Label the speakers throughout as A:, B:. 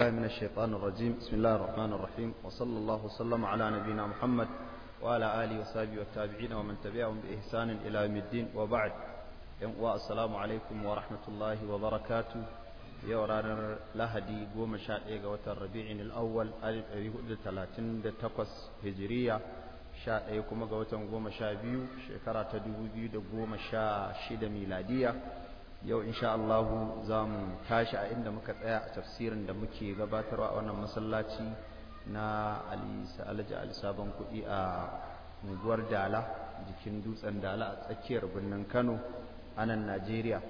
A: من الشيطان الرجيم بسم الله الرحمن الرحيم وصلى الله وسلم على نبينا محمد وعلى آله وصحبه والتابعين ومن تبعهم بإحسان إلى يوم الدين وبعد والسلام عليكم ورحمة الله وبركاته يا ورانا لهدي قوم شاء الربيع الأول ألف أبي هدى ثلاثين تقص هجرية شاء قوم شاء بيو شكرا تدبو بيو قوم ميلادية yau insha Allah za mu tashi a inda muka tsaya a tafsirin da muke gabatarwa a wannan masallaci na Alhaji Ali Sabon Kuɗi a unguwar Dala jikin dutsen Dala a tsakiyar birnin Kano a nan Najeriya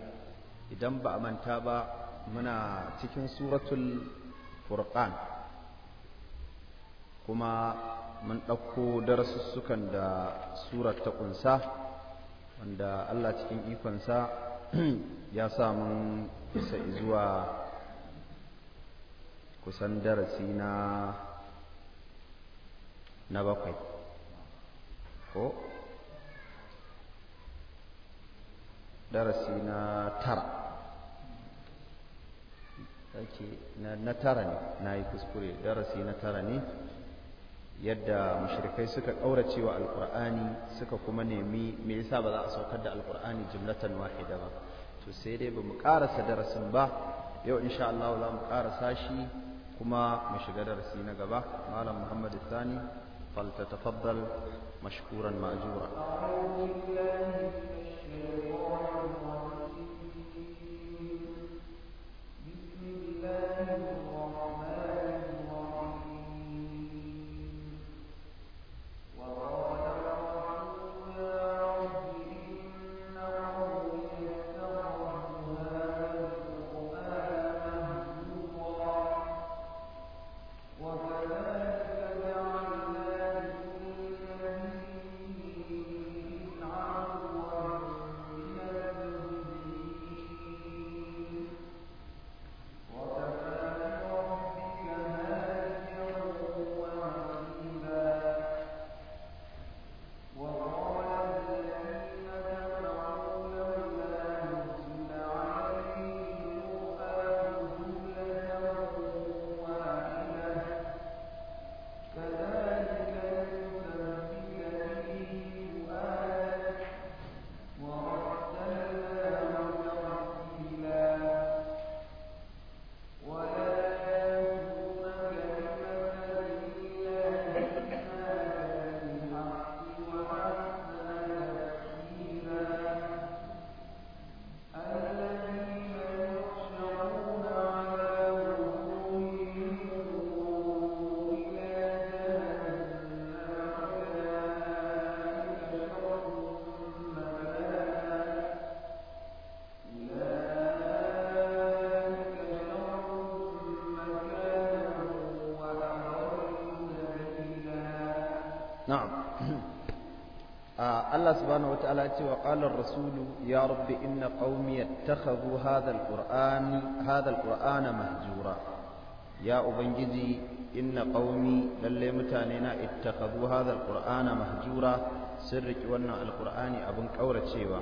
A: idan ba a manta ba muna cikin suratul Furqan kuma mun ɗauko darasussukan da surar ta ƙunsa wanda Allah cikin ikonsa ya sa mun isa zuwa kusan darasi na na bakwai ko darasi na tara na tara ne na yi kuskure darasi na tara ne yadda mushrikai suka ƙaura cewa alƙur'ani suka kuma nemi me yasa ba za a saukar da alƙur'ani jumlatan wahida ba to sai dai ba mu karasa darasin ba yau insha Allah za mu karasa shi kuma mu shiga darasi na gaba malam Muhammad Sani fal مشكورا ماجورا
B: أعوذ بالله من الشيطان الرجيم بسم
A: subhanahu wataala ya ce wa qala rasulu ya rabbi inna qaumi yattakhadhu hadha alquran hadha alqur'ana mahjura ya ubangiji inna qaumi lalle mutane na ittakhadhu hadha alqur'ana mahjura sirriki wannan alqur'ani abin kauracewa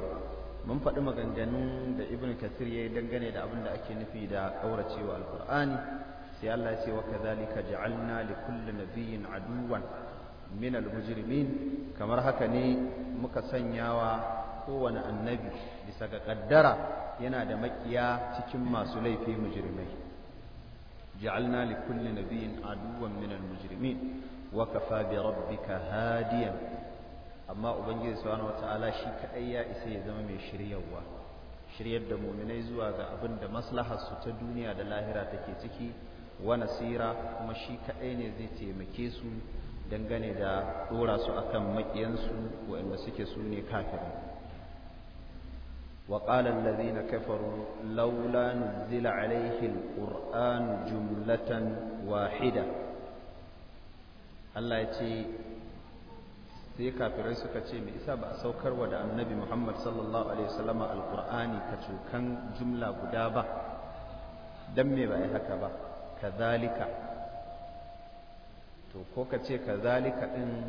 A: mun faɗi maganganun da ibnu kathir yayi dangane da abin da ake nufi da kauracewa alqur'ani sai Allah ya ce wa kadhalika ja'alna likulli nabiyyin aduwan min al-mujrimin kamar haka ne muka sanyawa kowane annabi bisa ga kaddara yana da makiya cikin masu laifi mujrimai ja'alna li kulli nabiyyin aduwwan min al-mujrimin wa kafa bi rabbika hadiyan amma ubangiji subhanahu wata'ala shi kadai ya isa ya zama mai shiryawa shiryar da muminai zuwa ga abin da maslahar su ta duniya da lahira take ciki wa nasira kuma shi kadai ne zai taimake su dangane da dora su akan maƙiyansu waɗanda suke su ne kafirai وقال الذين كفروا لولا نزل عليه القرآن جملة واحدة الله يتي sai kafirai suka ce mai isa ba a saukarwa da annabi Muhammad sallallahu alaihi wasallama alqur'ani ka cukan jumla guda ba dan me ba haka ba kadhalika to ko ka ce ka zalika ɗin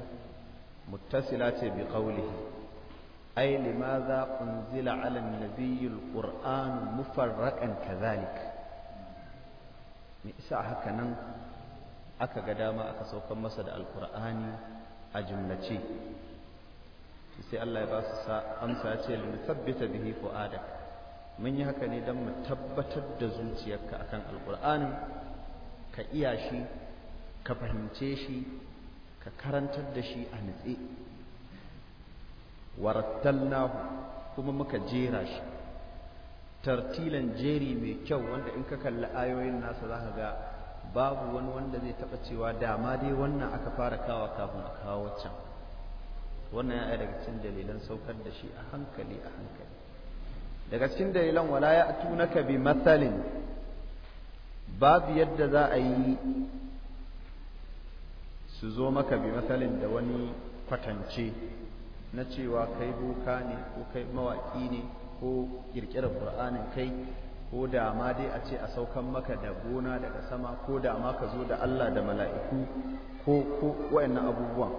A: muttasila ce bi ƙaulihi ai lima za ƙunzila alan nabiyyul ƙur'an mufarraƙan ka zalika mai isa haka nan aka ga dama aka saukan masa da alƙur'ani a jumlace sai Allah ya ba amsa ya ce lima tabbata bihi ko adak mun yi haka ne don mu tabbatar da zuciyarka akan alƙur'anin ka iya shi ka fahimce shi ka karantar da shi a nutse warattalnahu kuma muka jera shi tartilan jeri mai kyau wanda in ka kalli ayoyin nasa za ka ga babu wani wanda zai taɓa cewa dama dai wannan aka fara kawa kafin a kawo waccan wannan ya daga cikin dalilan saukar da shi a hankali a hankali daga cikin dalilan wala ya tunaka bi matsalin babu yadda za a yi su zo maka bi matsalin da wani kwatance na cewa kai boka ne ko kai mawaƙi ne ko ƙirƙirar ƙur'anin kai ko da ma dai a ce a saukan maka da gona daga sama ko da ma ka zo da Allah da mala'iku ko ko wayannan abubuwan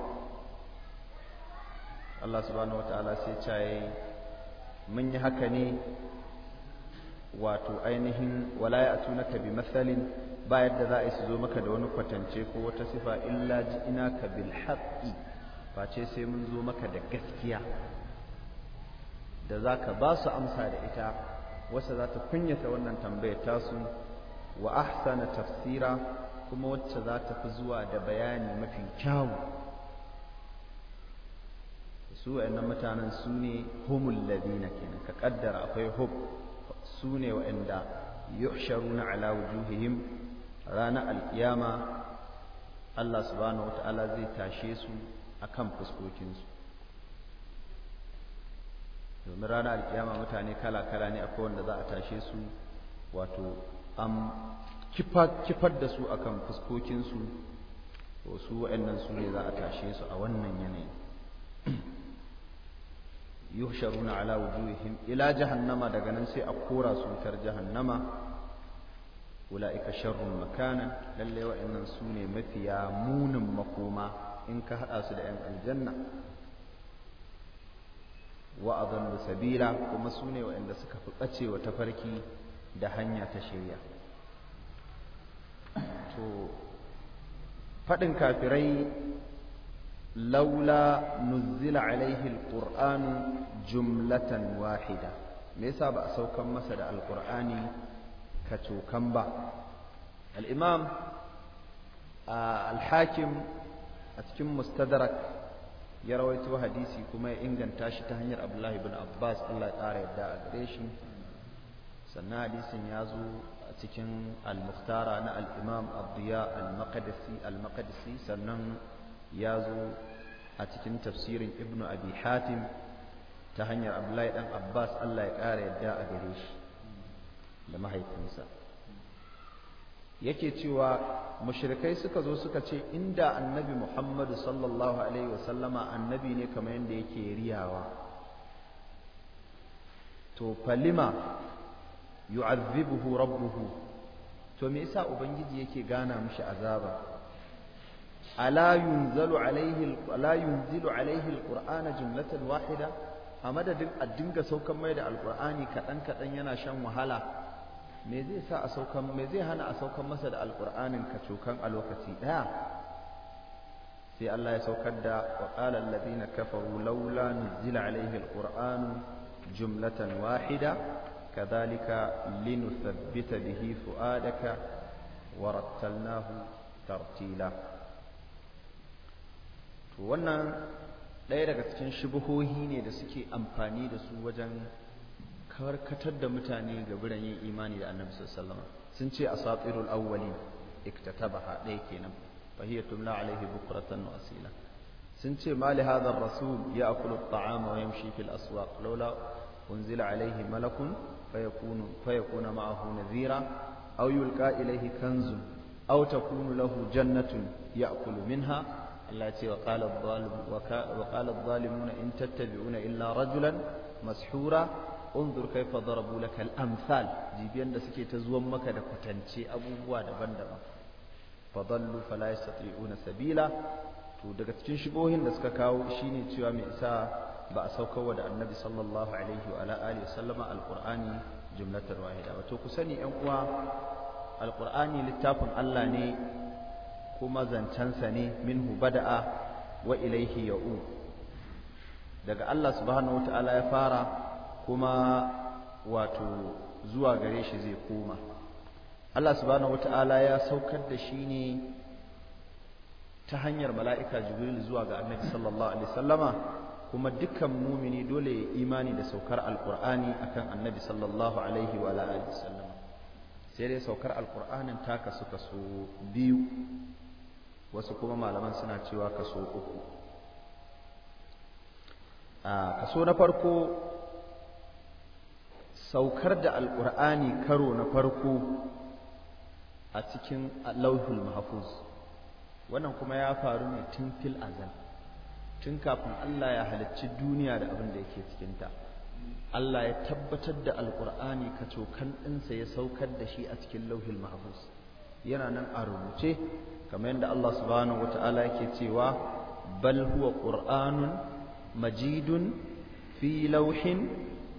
A: Allah subhanahu wata'ala sai caye mun yi haka ne wato ainihin wala ya'tunaka bi matsalin. ba yadda za a yi su zo maka da wani kwatance ko wata sifa illa jiina ka bil haqqi face sai mun zo maka da gaskiya da za ka ba su amsa da ita wasa za ta kunyata wannan tambayar tasu wa ahsana tafsira kuma wacce za ta fi zuwa da bayani mafi kyawu su wa'annan mutanen su ne humul ladina kenan ka kaddara akwai hub su ne wa'anda yuhsharuna ala wujuhihim ranar alkiyama Allah subhanahu ta'ala zai tashe su akan fuskokinsu domin ranar alkiyama mutane kala-kala ne akwai wanda za a tashe su wato an kifar da su akan fuskokinsu to su wa'annan su ne za a tashe su a wannan yanayi yuhsharuna ala wujuhihim ila jahannama daga nan sai a kora su wutar jahannama ula'ika sharrun makana lallai wa'annan su ne mafiya munin makoma in ka haɗa su da 'yan aljanna wa sabila kuma su ne wa'anda suka fi ɓacewa tafarki da hanya ta shirya to faɗin kafirai laula nuzzila alaihi ƙuranu jumlatan wahida me yasa ba a saukan masa da alƙur'ani kacokan ba al'imam al-hakim a cikin mustadrak ya rawaito hadisi kuma ya inganta shi ta hanyar abdullahi bin abbas allah ya ƙara yadda a gare shi sannan hadisin ya zo a cikin al-muktara na al-imam abdiya al-maqdisi sannan ya zo a cikin tafsirin ibnu abi hatim ta hanyar abdullahi dan abbas allah ya ƙara yadda a gare shi da mahaifinsa yake cewa mushrikai suka zo suka ce inda annabi Muhammadu sallallahu alaihi wasallama annabi ne kamar yadda yake riyawa to falima yu'azzibuhu rabbuhu to me yasa ubangiji yake gana mishi azaba ala yunzalu alaihi ala yunzilu alaihi alqur'ana jumlatan wahida a madadin a dinga saukan mai da alqur'ani kaɗan kaɗan yana shan wahala me zai sa a saukan me zai hana a saukan masa da alqur'anin kacokan a lokaci daya sai Allah ya saukar da wa qala alladhina kafaru laula nuzila alaihi alqur'anu jumlatan wahida kadhalika linuthabbita bihi fuadaka warattalnahu tartila to wannan ɗaya daga cikin shubuhohi ne da suke amfani da su wajen karkatar da mutane ga biran yin imani da annabi sallallahu alaihi sun ce asatirul awwalin iktatabaha ɗaya kenan fahiya tumla alaihi bukratan wa asila sun ce mali hadha rasul ya'kulu at-ta'ama wa yamshi fil aswaq laula unzila alaihi malakun fayakunu fayakuna ma'ahu nadhira aw yulqa ilaihi kanzun aw takunu lahu jannatun ya'kulu minha Allah ce wa qala adh-dhalimuna in tattabi'una illa rajulan mashura unzur kaifa darabu laka al-amsal jibiyan da suke ta zuwan maka da kwatance abubuwa daban-daban fadallu fala yastati'una sabila to daga cikin shibohin da suka kawo shine cewa mai isa ba a wa da annabi sallallahu alaihi wa alihi sallama alqur'ani jumlatar wahida wato ku sani yan uwa alqur'ani littafin Allah ne kuma zancensa ne minhu bada'a wa ilaihi ya'u daga Allah subhanahu wata'ala ya fara kuma wato zuwa gare shi zai koma Allah subhanahu wata'ala ya saukar da shi ne ta hanyar mala'ika jibril zuwa ga annabi sallallahu alaihi kuma dukkan mumini dole ya imani da saukar alkur'ani akan annabi sallallahu alaihi wa alihi sallama sai dai saukar alkur'anin ta kasu kasu biyu wasu kuma malaman suna cewa kaso uku a ah, kaso na farko saukar da alƙur'ani karo na farko a cikin lauhul mahfuz wannan kuma ya faru ne tun fil azal tun kafin Allah ya halicci duniya da abin da yake cikin ta Allah ya tabbatar da alƙur'ani kacokan ɗinsa ya saukar da shi a cikin lauhul mahfuz yana nan a rubuce kamar yadda Allah subhanahu wata'ala yake cewa bal huwa qur'anun majidun fi lauhin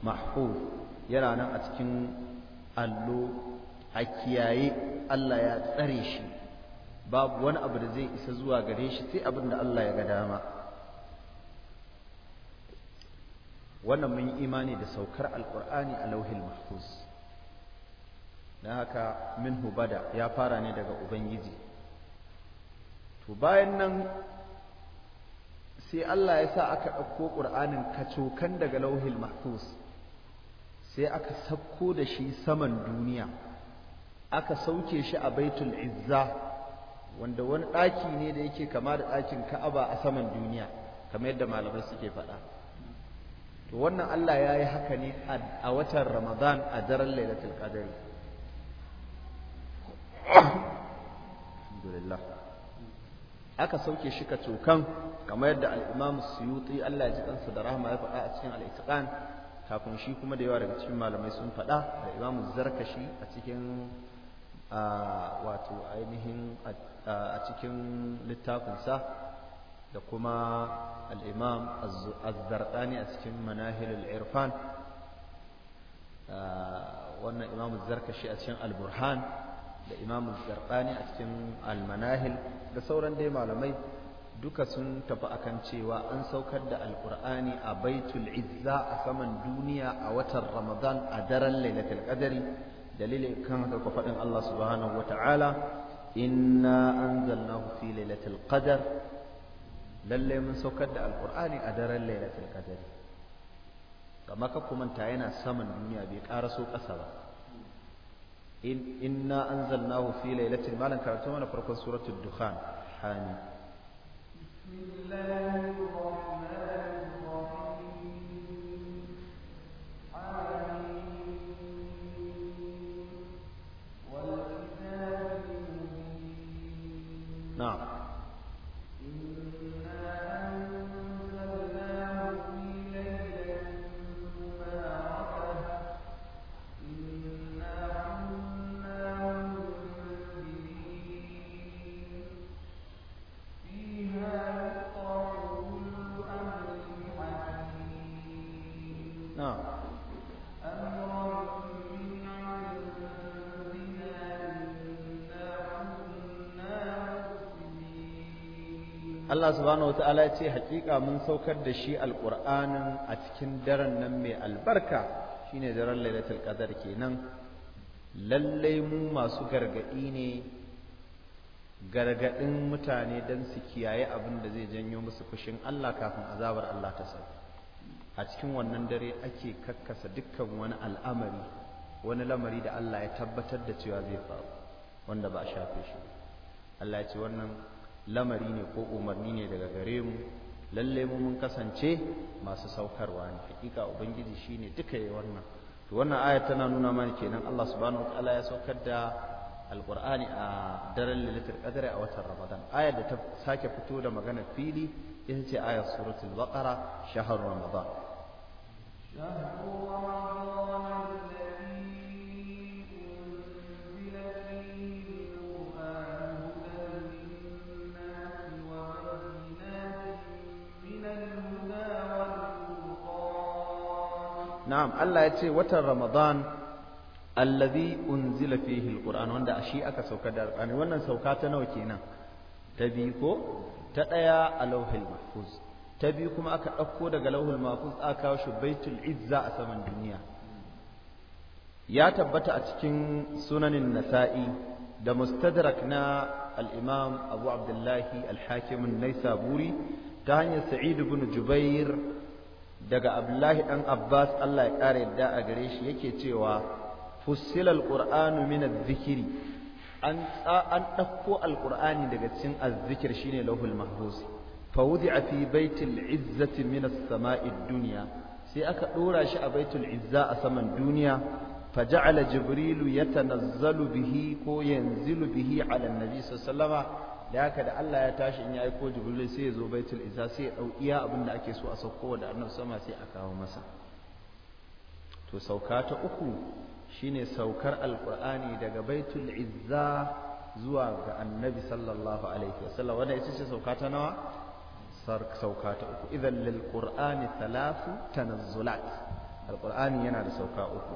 A: mahfuz yana nan a cikin allo a kiyaye Allah ya tsare shi babu wani abu da zai isa zuwa gare shi sai abin da Allah ya ga dama wannan mun yi imani da saukar alkur'ani a lauhil mahfuz don haka min hubada ya fara ne daga ubangiji to bayan nan sai Allah ya sa aka ɗauko ƙur'anin kacokan daga lauhil mahfuz sai aka sauko da shi saman duniya aka sauke shi a baitul izza wanda wani ɗaki ne da yake kama da ɗakin ka'aba a saman duniya kamar yadda malamai suke faɗa to wannan Allah ya yi haka ne a watan ramadan a daren lailatul qadari alhamdulillah aka sauke shi ka cokan kamar yadda al-imam suyuti Allah ya ji kansa da rahama ya faɗa a cikin al kafin shi kuma da yawa daga cikin malamai sun faɗa da imamu zarkashi a cikin wato ainihin a cikin littafinsa da kuma al'imam azzarɗani a cikin manahil al'irfan wannan imamu zarkashi a cikin al-burhan da imamu zarɗani a cikin al-manahil da sauran dai malamai duka sun tafi akan cewa an saukar da alkur'ani a baitul izza a saman duniya a watan ramadan a daren lailatul qadari dalilin kan haka ku faɗin Allah subhanahu wata'ala inna anzalnahu fi lailatul qadar lalle mun saukar da alkur'ani a daren lailatul qadari kama ka kumanta yana saman duniya bai ƙara karaso ƙasa ba inna anzalnahu fi lailatul malan karatu mana farkon suratul dukhan hani نعم Allah subhanahu wataala ya ce hakika mun saukar da shi alƙur'anin a cikin daren nan mai albarka shine daren lailatul qadar kenan lallai mu masu gargadi ne
B: gargadin mutane dan su kiyaye abin da zai janyo musu fushin Allah kafin
A: azabar Allah ta sauka a cikin wannan dare ake kakkasa dukkan wani al'amari wani lamari da Allah ya tabbatar da cewa zai faru wanda ba shafe shi Allah ya ce wannan lamari ne ko umarni ne daga gare mu lalle mu mun kasance masu saukarwa ne hakika ubangiji shine duka yayi wannan to wannan aya tana nuna mana kenan Allah subhanahu wataala ya saukar da alqur'ani a daren lailatul qadr a watan ramadan ayar da ta sake fito da magana fili ita ce ayar suratul baqara shahrul ramadan
B: na'am Allah ya ce watan
A: Ramadan allazi unzila fihi alquran wanda a shi aka sauka da alqurani wannan sauka ta nawa kenan ta bi ko ta daya a lauhul mahfuz ta biyu kuma aka ɗauko daga lauhul mahfuz aka kawo shi baitul izza a saman duniya ya tabbata a cikin sunanin nasa'i da mustadrak na al-imam abu abdullahi al-hakim an-naisaburi ta hanyar sa'id ibn jubair daga abdullahi dan abbas allah ya ƙara yadda a gare shi yake cewa fussilal qur'anu min adh-dhikri an an ɗauko alqur'ani daga cikin azzikir shine lahul mahfuz fa wudi'a fi baitil izzati min as-sama'i dunya sai aka dora shi a baitul izza a saman duniya fa ja'ala jibrilu yatanazzalu bihi ko yanzilu bihi ala annabi sallallahu alaihi da haka da Allah ya tashi in ya aiko jibril sai ya zo baitul isa sai ya dau iya abin da ake so a sauko da annabi sama sai a kawo masa to sauka ta uku shine saukar alqur'ani daga baitul izza zuwa ga annabi sallallahu alaihi wasallam wanda ita ce sauka ta nawa sauka ta uku idan lil qur'ani thalathu tanazzulat alqur'ani yana da sauka uku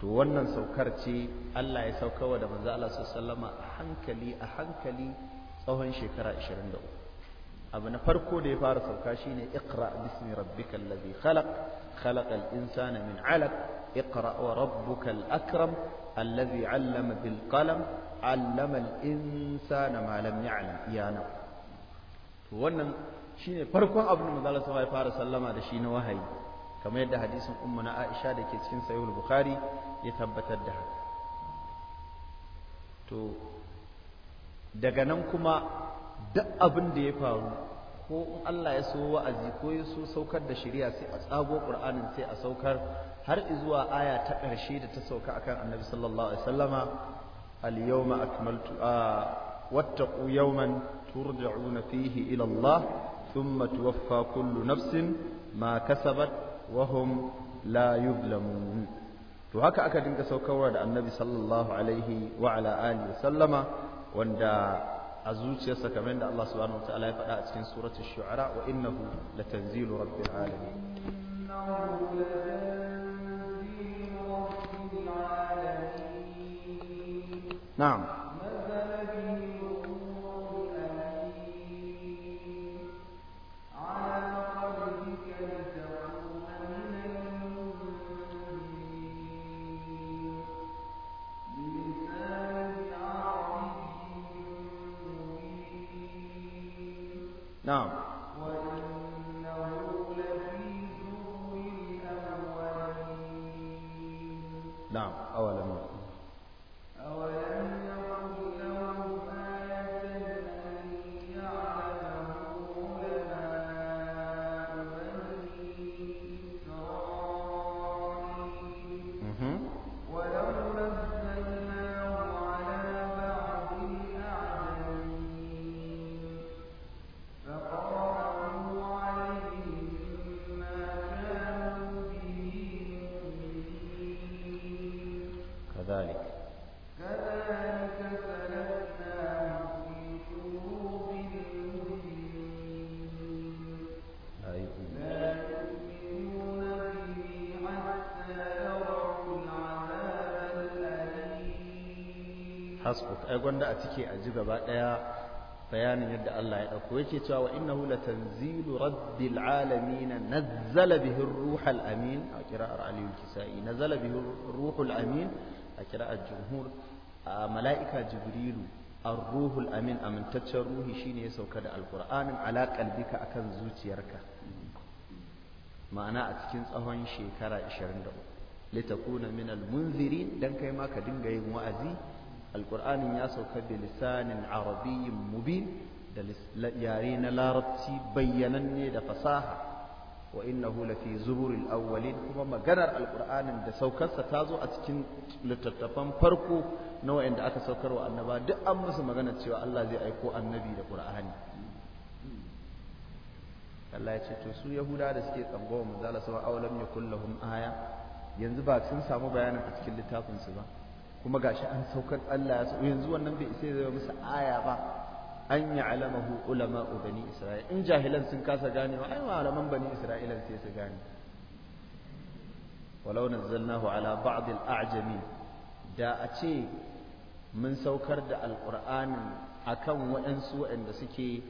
A: to wannan saukar ce Allah ya sauka wa da manzo Allah sallallahu alaihi wasallama a hankali a hankali tsawon shekara 23 abu na farko da ya fara sauka shine iqra bismi rabbikal ladhi khalaq khalaqal insana min 'alaq iqra wa rabbukal akram alladhi 'allama bil qalam 'allama al insana ma lam ya'lam iyana to wannan shine farkon abin da manzo Allah ya fara sallama da shi na wahayi kamar yadda hadisin ummu na Aisha da ke cikin sahihul Bukhari ya tabbatar da haka to daga nan kuma duk abin da ya faru ko in Allah ya so wa'azi ko ya so saukar da shari'a sai a tsago Qur'anin sai a saukar har zuwa aya ta ƙarshe da ta sauka akan Annabi sallallahu alaihi wasallama al-yawma akmaltu wattaqu yawman turja'una fihi ila Allah thumma tuwaffa kullu nafsin ma kasabat wa hum la yuzlamun to haka aka dinga saukarwa da Annabi sallallahu alaihi wa ala alihi wasallama wanda a zuciyarsa kamar da Allah subhanahu wataala ya faɗa a cikin suratul shu'ara wa innahu latanzilu
B: rabbil alamin na'am نعم وإنه لفي زبر الأولين نعم
A: أولين hasbuk ai gwanda a cike a ji gaba daya bayanin yadda Allah ya dauko yake cewa wa innahu latanzilu rabbil alamin nazzala bihi ruhul amin a qira'ar ali al-kisai nazzala bihi ruhul amin a qira'ar jumhur a mala'ika jibrilu ar-ruhul amin amintaccen ruhi shine ya sauka da alqur'anin ala qalbika akan zuciyarka ma'ana a cikin tsawon shekara 23 litakuna minal munzirin dan kai ma ka dinga yin wa'azi alƙur'anin ya sauka da lisanin arabiyyin mubin da yare na larabci bayyananne da fasaha wa innahu lafi zuburil awwalin kuma maganar Alƙur'anin da saukarsa ta zo a cikin littattafan farko na wa'anda aka saukar wa annaba duk an musu magana cewa Allah zai aiko annabi da ƙur'ani. Allah ya ce to su yahuda da suke tsambawa manzala sama awalam yakul lahum aya yanzu ba sun samu bayanin a cikin littafin su ba kuma gashi an saukar Allah ya yanzu wannan bai isa zai musu aya ba an ya'lamahu ulama bani isra'il in jahilan sun kasa ganewa ai malaman bani isra'ila sai su gane walau nazzalnahu ala ba'd al-a'jami da a ce mun saukar da alqur'anin akan waɗansu waɗanda suke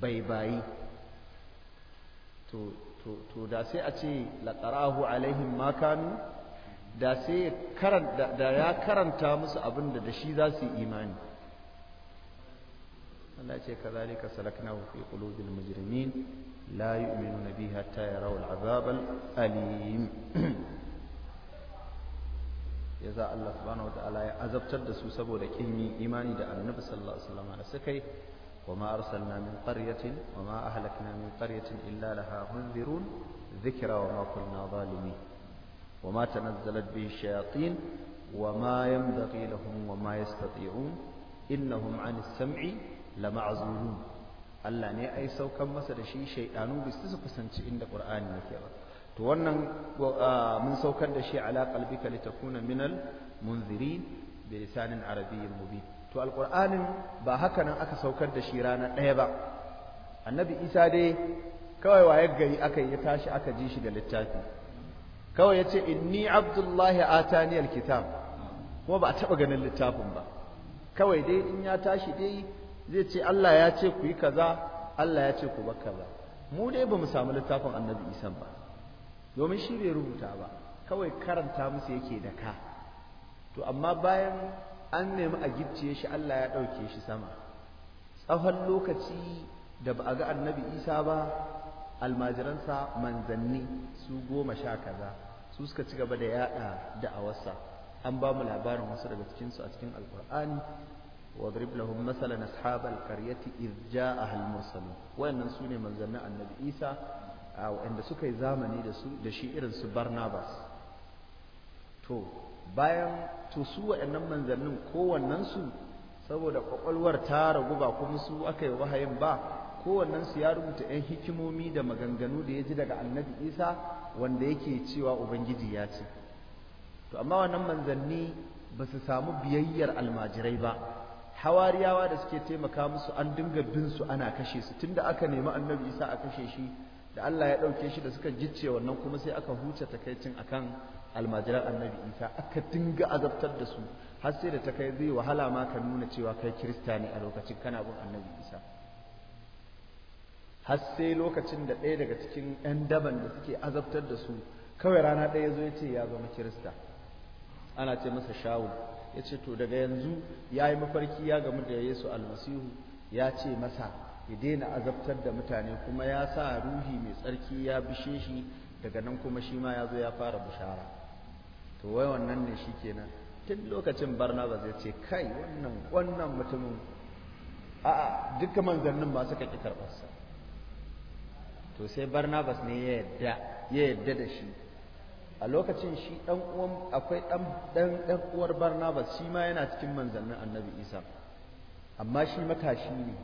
A: baibayi to to to da sai a ce laqarahu alaihim ma kanu da sai da ya karanta musu abin da da shi za su yi imani Allah ce ka kazalika salaknahu fi qulubil mujrimin la hata ya hatta azabal al'azab ya za Allah subhanahu wa ta'ala ya azabtar da su saboda kin yi imani da Annabi sallallahu alaihi wasallam da suka yi وما أرسلنا من halakina min أهلكنا من قرية إلا لها zikira wa makon na ظالمين وما تنزلت به الشياطين وما ينبغي لهم وما يستطيعون إنهم عن السمع لمعزولون Allah ne ai saukan masa da shi shaidanu ba su kusanci inda Qur'ani yake ba to wannan mun saukar da shi ala qalbika litakuna minal munzirin bi lisanin arabiyyin mubin to alqur'anin ba haka nan aka saukar da shi rana ɗaya ba annabi Isa dai kawai wayar gari aka yi tashi aka ji shi da littafi kawai yace inni abdullahi atani al-kitab, kuma ba a taba ganin littafin ba kawai dai in ya tashi dai zai ce Allah ya ce ku yi kaza Allah ya ce ku bar kaza mu dai bamu samu littafin annabi Isa ba domin shi bai rubuta ba kawai karanta musu yake da ka to amma bayan an nemi a gicciye shi Allah ya ɗauke shi sama tsawon lokaci da ba a ga annabi isa ba almajiransa manzanni su goma sha kaza su suka ci gaba da yada da'awarsa an ba mu labarin wasu daga cikinsu a cikin alkur'ani واضرب لهم مثلا أصحاب القرية إذ جاءها المرسلون وأن سوني من suka yi zamani da su da shi irin su barnabas to bayan to su waɗannan manzannin su saboda ƙwaƙwalwar ta ragu ba kuma su aka yi wahayin ba su ya rubuta 'yan hikimomi da maganganu da ya ji daga annabi isa wanda yake cewa ubangiji ya ce to amma wannan manzanni ba su samu biyayyar almajirai ba hawariyawa da suke taimaka musu an dinga bin su ana kashe su tunda aka nemi annabi isa a kashe shi da Allah ya ɗauke shi da suka gicce wannan kuma sai aka huce takaicin akan almajiran annabi isa aka dinga azabtar da su har sai da ta kai zai wahala ma ka nuna cewa kai kirista ne a lokacin kana bin annabi isa har sai lokacin da ɗaya daga cikin 'yan daban da suke azabtar da su kawai rana ɗaya zo ya ce ya zama kirista ana ce masa shawul ya ce to daga yanzu ya yi mafarki ya gamu da yesu almasihu ya ce masa ya daina azabtar da mutane kuma ya sa ruhi mai tsarki ya bishe shi daga nan kuma shi ma ya zo ya fara bushara to wai wannan ne shi kenan tun lokacin barnabas ya ce kai wannan wannan mutumin a'a duka manzannin ba suka ƙi karɓarsa to sai Barnabas ne ya yadda ya yadda da shi a lokacin shi dan uwan akwai dan dan dan uwar Barnabas shi ma yana cikin manzannin Annabi Isa amma shi matashi ne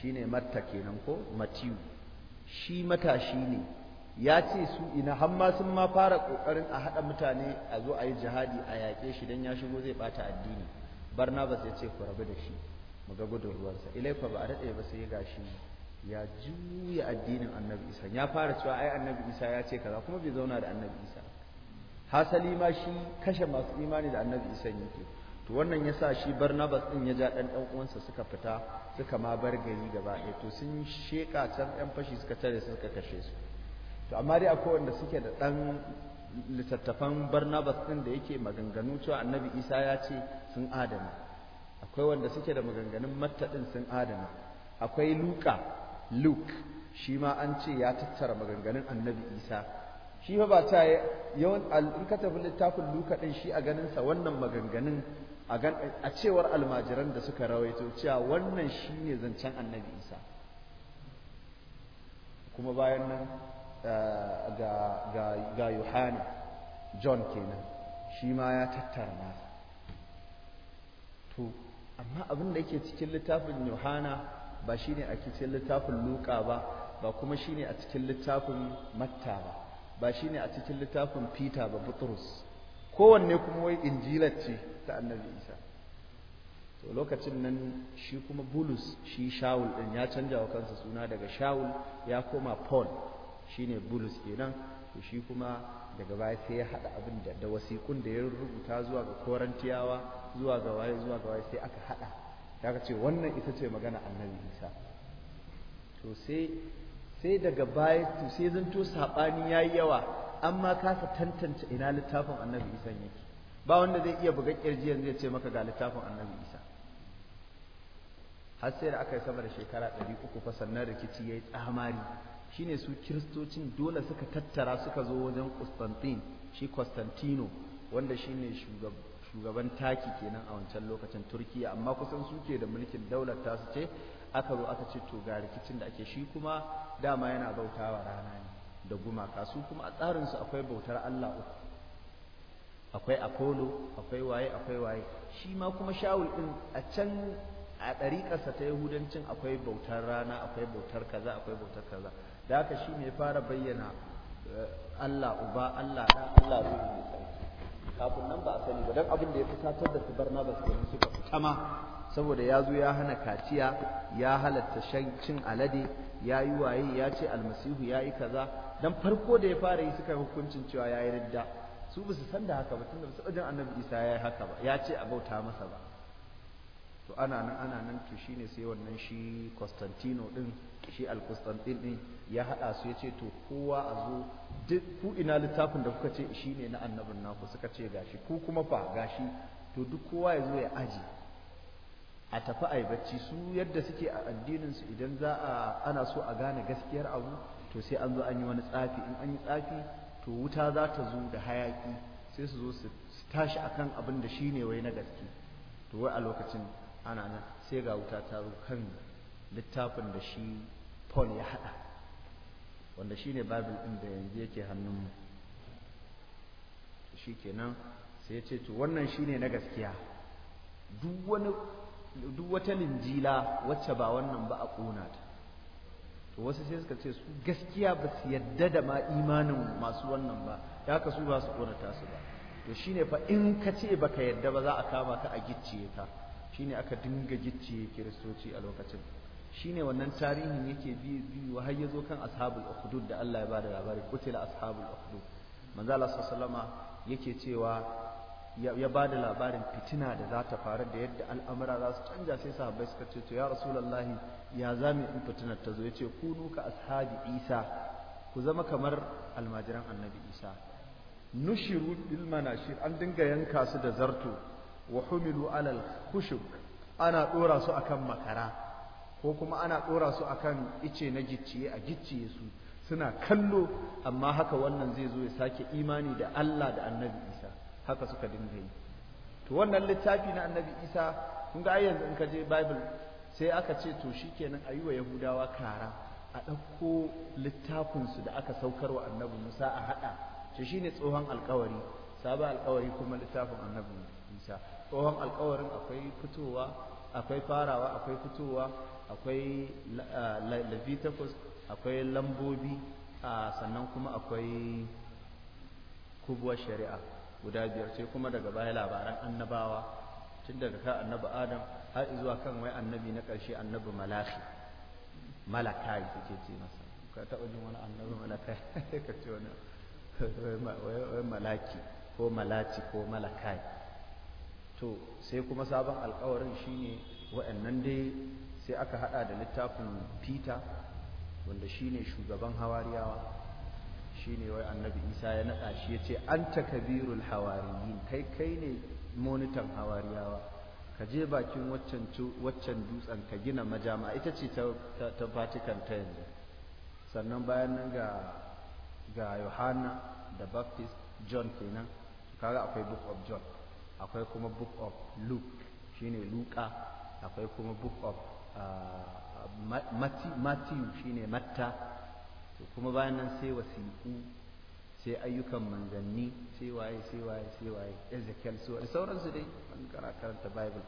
A: shine Matta kenan ko Matiu shi matashi ne ya ce su ina har ma sun ma fara kokarin a haɗa mutane a zo a yi jihadi a yaƙe shi dan ya shigo zai bata addini Barnabas ya ce ku rabu da shi mu ga gudun ruwansa ilaifa ba a daɗe ba sai gashi ya juya addinin annabi isa ya fara cewa ai annabi isa ya ce kaza kuma bai zauna da annabi isa hasali ma shi kashe masu imani da annabi isa yake to wannan ya shi barnabas din ya ja dan dan uwansa suka fita suka ma bar gari gaba ɗaya to sun sheka can yan fashi suka tare su suka kashe su to amma dai akwai wanda suke da dan littattafan barnabas din da yake maganganu cewa annabi isa ya ce sun adana akwai wanda suke da maganganun matta din sun adana akwai luka luke shi ma an ce ya tattara maganganun annabi isa shi fa ba ta yawan in ka tafi littafin luka din shi a ganinsa wannan maganganun a cewar almajiran da suka rawaito cewa wannan shi ne zancen annabi isa kuma bayan nan eh, ga yohana john kenan shi ma ya tattara nasa to amma abin da yake cikin littafin yohana ba shi ne a cikin littafin luka ba ba kuma shi ne a cikin littafin matta ba ba ne a cikin littafin peter ba butrus kowanne kuma wai injilar ce ta annabi isa to lokacin nan shi kuma bulus shi shawul din ya canja wa kansa suna daga shawul ya koma paul ne bulus kenan to shi kuma daga baya sai ya haɗa abin da wasiƙun da ya rubuta zuwa ga korantiyawa zuwa ga waye zuwa ga waye sai aka haɗa kaga ce wannan ita ce magana annabi isa to sai daga baya to sai zanto ya yi yawa amma kasa tantance ina littafin annabi isa yake ba wanda zai iya buga jiya zai ce maka ga littafin annabi isa har sai da aka yi sama da shekara ɗari uku fa sannan rikici ya yi tsamari shine su kiristocin dole suka tattara suka zo wajen Constantine shi Constantino wanda shine shugaban taki kenan a wancan lokacin turkiya amma kusan suke da mulkin daular tasu ce aka zo aka ce to ga rikicin da ake shi kuma dama yana bautawa rana ne da gumaka su kuma a tsarinsu akwai bautar allah uku akwai apollo akwai waye akwai waye shi ma kuma shawul din a can a ɗariƙarsa ta yahudancin akwai bautar rana akwai bautar kaza akwai bautar kaza da haka shi ne fara bayyana eh, allah uba allah ɗa allah ruhu kafin nan ba a sani ba don abin da ya fusatar da su barna ba su suka fita ma saboda ya zo ya hana kaciya ya halatta cin alade ya yi waye ya ce almasihu ya yi kaza don farko da ya fara yi suka hukuncin cewa ya yi ridda su ba san da haka ba tunda ba su wajen annabi isa ya yi haka ba ya ce a bauta masa ba to ana nan ana nan to shine sai wannan shi Constantino din shi al-Constantine din ya hada su yace to kowa a zo duk ku ina littafin da kuka ce shi ne na annabin naku suka ce gashi ku kuma fa gashi to duk kowa ya zo ya aji a tafi a bacci su yadda suke a addinin su idan za a ana so a gane gaskiyar abu to sai an zo an yi wani tsafi in an yi tsafi to wuta za ta zo da hayaki sai su zo su tashi akan abin da shi ne wai na gaske to wai a lokacin ana nan sai ga wuta ta zo kan littafin da shi Paul ya haɗa wanda shine babin ɗin da yanzu yake hannunmu shi kenan sai ya ce to wannan shi ne na gaskiya duk wata linjila wacce ba wannan ba a ƙona ta to wasu sai suka ce su gaskiya ba su yadda da ma imanin masu wannan ba ya ka su ba su ƙona ta su ba to shi ne fa in ka ce baka yadda ba za a kama ka a gicciye ka ne aka dinga gicciye kiristoci a lokacin Shi ne wannan tarihin yake biyu har ya zo kan ashabul ukhdud da Allah ya ba da labari kutila ashabul ukhdud manzo Allah sallama yake cewa ya ba da labarin fitina da za ta faru da yadda al'amura za su canja sai sahabbai suka ce to ya rasulullahi ya zame in fitinar ta zo ya ce kunu ka ashabi isa ku zama kamar almajiran annabi isa nushiru bil manashir an dinga yanka su da zarto wa humilu alal kushuk ana ɗora su akan makara ko kuma ana ɗora su akan ice na gicciye a gicciye su suna kallo amma haka wannan zai zo ya sake imani da Allah da annabi Isa haka suka dinga yi to wannan littafi na annabi Isa kun ga yanzu in ka je Bible sai aka ce to shikenan a yi wa Yahudawa kara a ɗauko littafinsu da aka saukar wa annabi Musa a haɗa shi shine tsohon alƙawari. sabon alƙawari kuma littafin annabi Isa tsohon alƙawarin akwai fitowa akwai farawa akwai fitowa akwai lafi takwas akwai lambobi a sannan kuma akwai kubuwar shari'a guda biyar sai kuma daga baya labaran annabawa tun daga kan annabi adam har zuwa kan wai annabi na ƙarshe annabi malaki malakai ce masa ka taɓa jin wani annabi malakai ka ce wani malaki ko malaci ko malakai to sai kuma sabon alkawarin shine waɗannan dai sai aka hada da littafin peter wanda shi ne shugaban hawariyawa ne wai annabi isa ya nada shi ya ce anta kabirul hawariyin kai kai ne monitan hawariyawa ka je bakin waccan dutsen ka gina majama ita ce ta Vatican ta yanzu sannan bayan nan ga ga Yohana da Baptist John kenan kaga akwai book of John akwai kuma book of Luke shine Luka akwai kuma book of matiyu ne matta to kuma bayan nan sai wasiƙu sai ayyukan manzanni sai waye sai waye sai waye ezekiel su da sauransu dai an kara karanta bible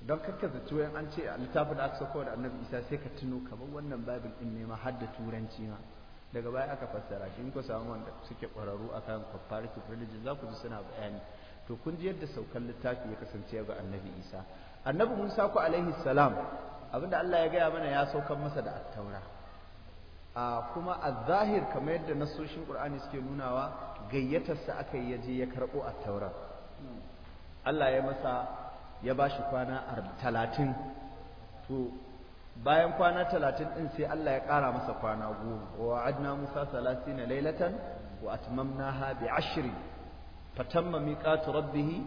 A: don kakka zato an ce a littafin da aka sako da annabi isa sai ka tuno kamar wannan bible din nema, ma har da turanci ma daga baya aka fassara shi in ku samu wanda suke ƙwararru a kan comparative religion za ku ji suna bayani to kun ji yadda saukan littafi ya kasance ga annabi isa annabi musa ku alaihi salam abinda Allah ya gaya mana ya saukar masa da attaura a kuma a zahir kamar yadda nasoshin ƙur'ani suke nunawa gayyatarsa aka yi yaje ya karɓo attaura Allah ya masa ya ba shi kwana talatin to bayan kwana talatin ɗin sai Allah ya ƙara masa kwana goma wa adna musa na lailatan wa atmamnaha bi ashrin fatamma miqatu rabbih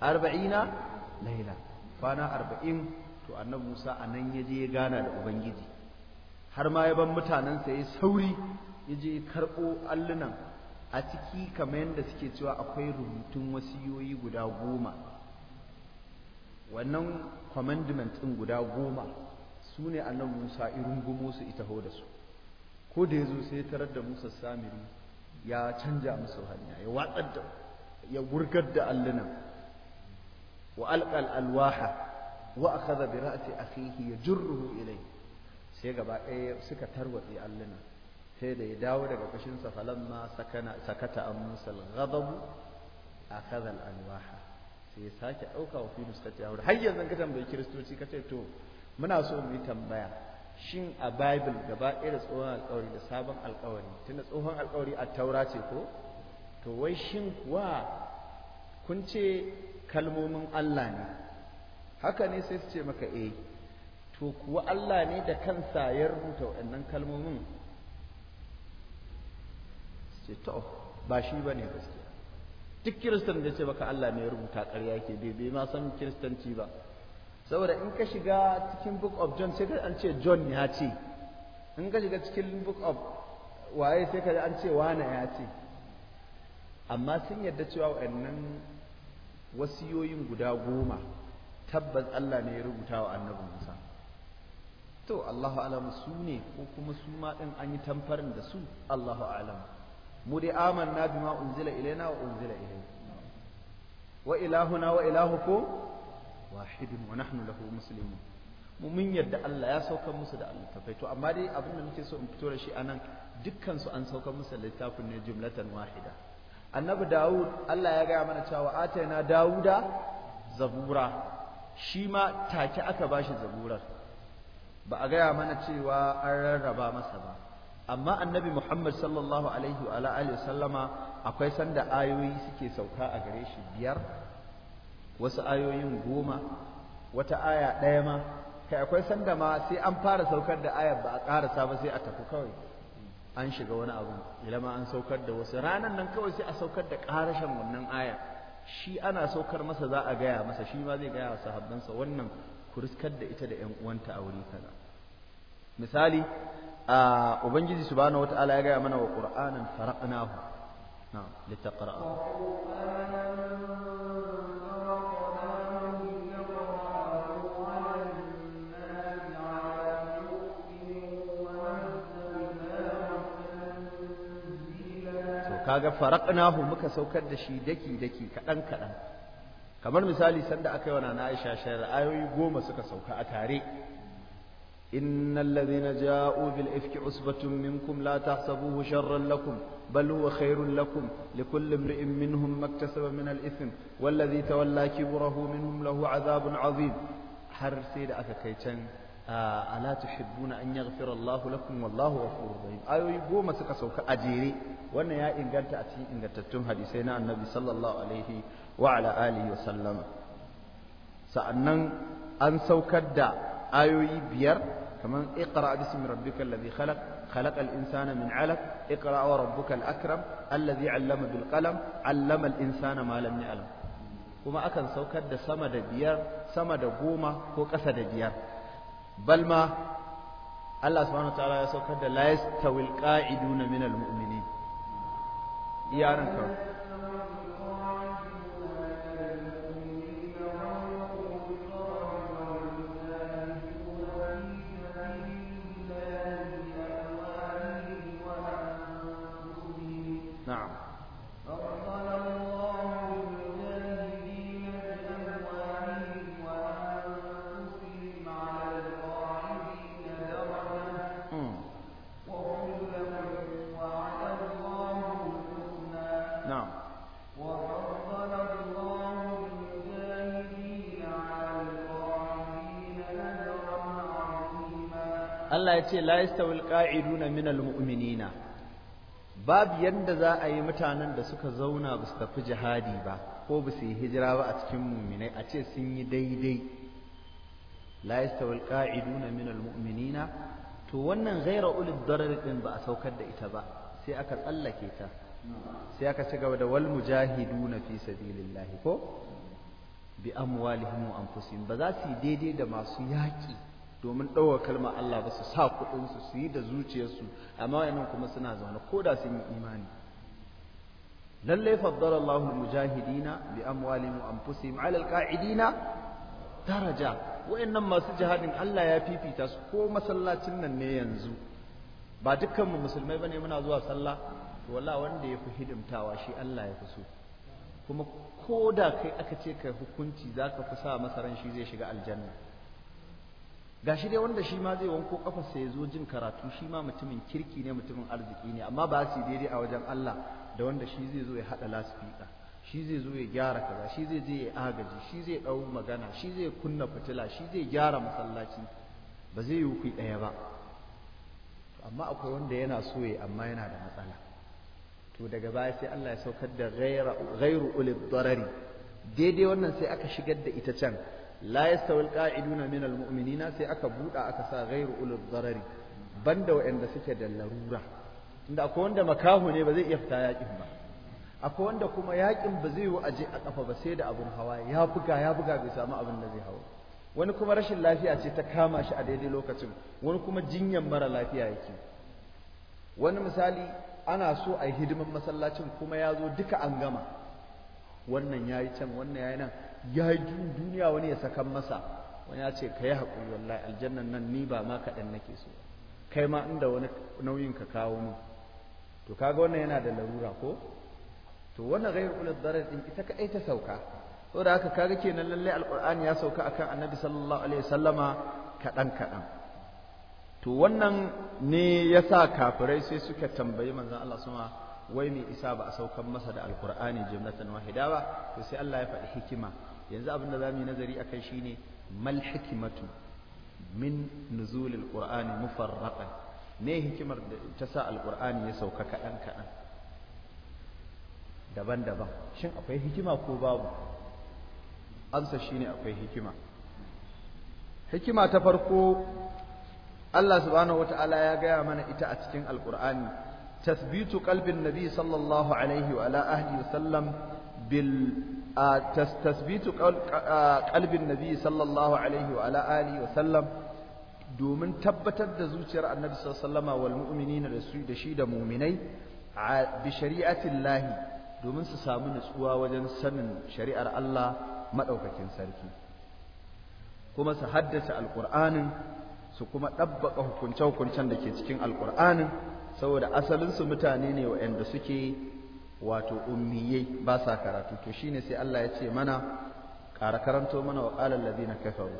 A: arba'ina laila kwana arba'in to annabi Musa a nan ya je ya gana da Ubangiji har ma ya ban mutanensa ya sauri ya je ya karɓo allunan a ciki kamar yadda suke cewa akwai rubutun wasiyoyi guda goma wannan commandment ɗin guda goma su ne annabi Musa irin gumo su ita da su ko da ya zo sai ya tarar da Musa Samiri ya canja musu hanya ya watsar da ya gurgar da allunan wa alqal alwaha wa akhadha bi ra'si akhihi yajruhu ilayhi sai gaba ɗaya suka tarwatse alluna sai da ya dawo daga kashin sa falamma sakana sakata an musal ghadabu akhadha al sai ya sake dauka wa fi nuskati aure har yanzu ka tambayi kiristoci ka ce to muna so mu yi tambaya shin a bible gaba ɗaya da tsohon alƙawari da sabon alƙawari tunda tsohon alƙawari a taura ko to wai shin kuwa kun ce kalmomin Allah ne haka ne sai su ce maka eh to kuwa Allah ne da kansa ya rubuta waɗannan kalmomin su ce to ba shi ba ne gaskiya duk kiristan da ce maka Allah ne ya rubuta ƙarya yake bai bai ma san kiristanci ba saboda in ka shiga cikin book of John sai ka an ce John ya ce in ka shiga cikin book of waye sai ka an ce wana ya ce amma sun yarda cewa waɗannan wasiyoyin guda goma tabbas Allah ne ya rubuta wa annabi Musa to Allahu alam su ne ko kuma su ma din an yi tamfarin da su Allahu alam mu dai amanna bima unzila ilaina wa unzila ilayhi wa ilahuna wa ilahuku wahidun wa nahnu lahu muslimun mu mun yadda Allah ya saukar musu da littafai to amma dai abin da muke so in fito da shi anan dukkan su an saukar musu littafin ne jumlatan wahida annabi Dawud Allah ya ga mana cewa atayna Dawuda zabura shi ma take aka ba shi zaburar ba a gaya mana cewa an rarraba masa ba amma annabi Muhammad sallallahu alaihi wa alihi sallama akwai sanda ayoyi suke sauka a gare shi biyar wasu ayoyin goma wata aya ɗaya ma kai akwai sanda ma sai an fara saukar da ayar ba a ƙarasa ba sai a tafi kawai an shiga wani abu ilama an saukar da wasu ranan nan kawai sai a saukar da ƙarashen wannan aya shi ana saukar masa za a gaya masa shi ma zai gaya wa sahabbansa wannan ku da ita da ƴan uwanta a wuri kaza misali a ubangiji subhanahu wataala ya gaya mana wa qur'anan faraqnahu na litaqra'a
B: kaga faraqnahu muka
A: saukar da shi daki daki kadan kadan kamar misali sanda aka yi wa na Aisha shayar ayoyi goma suka sauka a tare إن الذين جاءوا بالإفك عصبة منكم لا تحسبوه شرا لكم بل هو خير لكم لكل امرئ منهم ما اكتسب من الإثم والذي تولى كبره منهم له عذاب عظيم حر سيد أكا كيتن ala tuhibbuna an yaghfira Allah lakum wallahu ghafurur rahim ayoyi goma suka sauka a jere wannan ya inganta a cikin ingantattun hadisai na annabi sallallahu alaihi wa ala alihi wa sa'annan an saukar da ayoyi biyar kamar iqra bismi rabbikal ladhi khalaq khalaqal insana min 'alaq iqra wa rabbukal akram alladhi 'allama bil qalam 'allama al insana ma lam ya'lam kuma akan saukar da sama da biyar sama da goma ko ƙasa da biyar balma Allah subhanahu ya saukar da la yastawil qa'iduna minal mu'minin iyaran Allah ya ce la yastawil qa'iduna minal mu'minina babu yanda za a yi mutanen da suka zauna ba su tafi jihadi ba ko ba su yi hijira ba a cikin muminai a ce sun yi daidai la yastawil qa'iduna minal mu'minina to wannan ghaira ulil darar din ba a saukar da ita ba sai aka tsallake ta sai aka ci gaba da wal mujahiduna fi sabilillahi ko bi amwalihim wa anfusihim ba za su yi daidai da masu yaƙi domin ɗaukar kalmar Allah ba su sa kuɗinsu su yi da zuciyarsu amma wayannan kuma suna zaune ko da sun yi imani lallai faddala Allahu mujahidina bi amwalihim wa anfusihim ala alqa'idina daraja wayannan masu jihadin Allah ya fifita su ko masallacin nan ne yanzu ba dukkanmu musulmai bane muna zuwa sallah to wanda ya fi hidimtawa shi Allah ya fi so kuma ko da kai aka ce kai hukunci zaka fi sa masaran shi zai shiga aljanna gashi dai wanda shi ma zai wanko kafarsa ya zo jin karatu shi ma mutumin kirki ne mutumin arziki ne amma ba su daidai a wajen Allah da wanda shi zai zo ya haɗa lasfiƙa shi zai zo ya gyara kaza shi zai je ya agaji shi zai dau magana shi zai kunna fitila shi zai gyara masallaci ba zai yi kuɗi ɗaya ba amma akwai wanda yana so ya amma yana da matsala to daga baya sai Allah ya saukar da ghairu ulil darari daidai wannan sai aka shigar da ita can la yastawil qa'iduna min almu'minina sai aka buɗa aka sa ghairu ulul darari banda waɗanda suke da larura inda akwai wanda makaho ne ba zai iya fita yaƙin ba akwai wanda kuma yakin ba zai yi aje a kafa ba sai da abin hawa ya buga ya buga bai samu abin da zai hawa wani kuma rashin lafiya ce ta kama shi a daidai lokacin wani kuma jinyan mara lafiya yake wani misali ana so a yi hidiman masallacin kuma ya zo duka an gama wannan ya yi can wannan ya yi nan ya yi duniya wani ya sakan masa wani ya ce ka yi haƙuri wallahi aljannan nan ni ba ma kaɗan nake so kai ma inda wani nauyin ka kawo mu to kaga wannan yana da larura ko to wannan gairu ulul darar din ita kaɗai ta sauka saboda haka kaga kenan lallai alqur'ani ya sauka akan annabi sallallahu alaihi wasallama kaɗan kaɗan to wannan ne yasa kafirai sai suka tambayi manzon Allah sama wai mai isa ba a saukan masa da alkur'ani jumlatan wahida ba to sai Allah ya faɗi hikima yanzu abin da za mu yi nazari a shi shine mal hikimatu min nuzul alqur'ani mufarraqan ne hikimar da ta sa alqur'ani ya sauka kaɗan kaɗan daban-daban shin akwai hikima ko babu amsa shine akwai hikima hikima ta farko Allah subhanahu wataala ya gaya mana ita a cikin alqur'ani تثبيت قلب النبي صلى الله عليه وعلى أهله وسلم بال تثبيت قلب النبي صلى الله عليه وعلى آله وسلم domin tabbatar da zuciyar annabi sallama wal da shi da mu'minai bi shari'atin domin su samu nutsuwa wajen sanin shari'ar Allah madaukakin sarki kuma su haddasa alqur'anin su kuma dabbaka hukunce-hukuncen da ke cikin alqur'anin saboda asalinsu mutane ne waɗanda suke wato ummiyai ba sa karatu to shine sai Allah ya ce mana ƙara karanto mana wa ƙalar ladina kafaru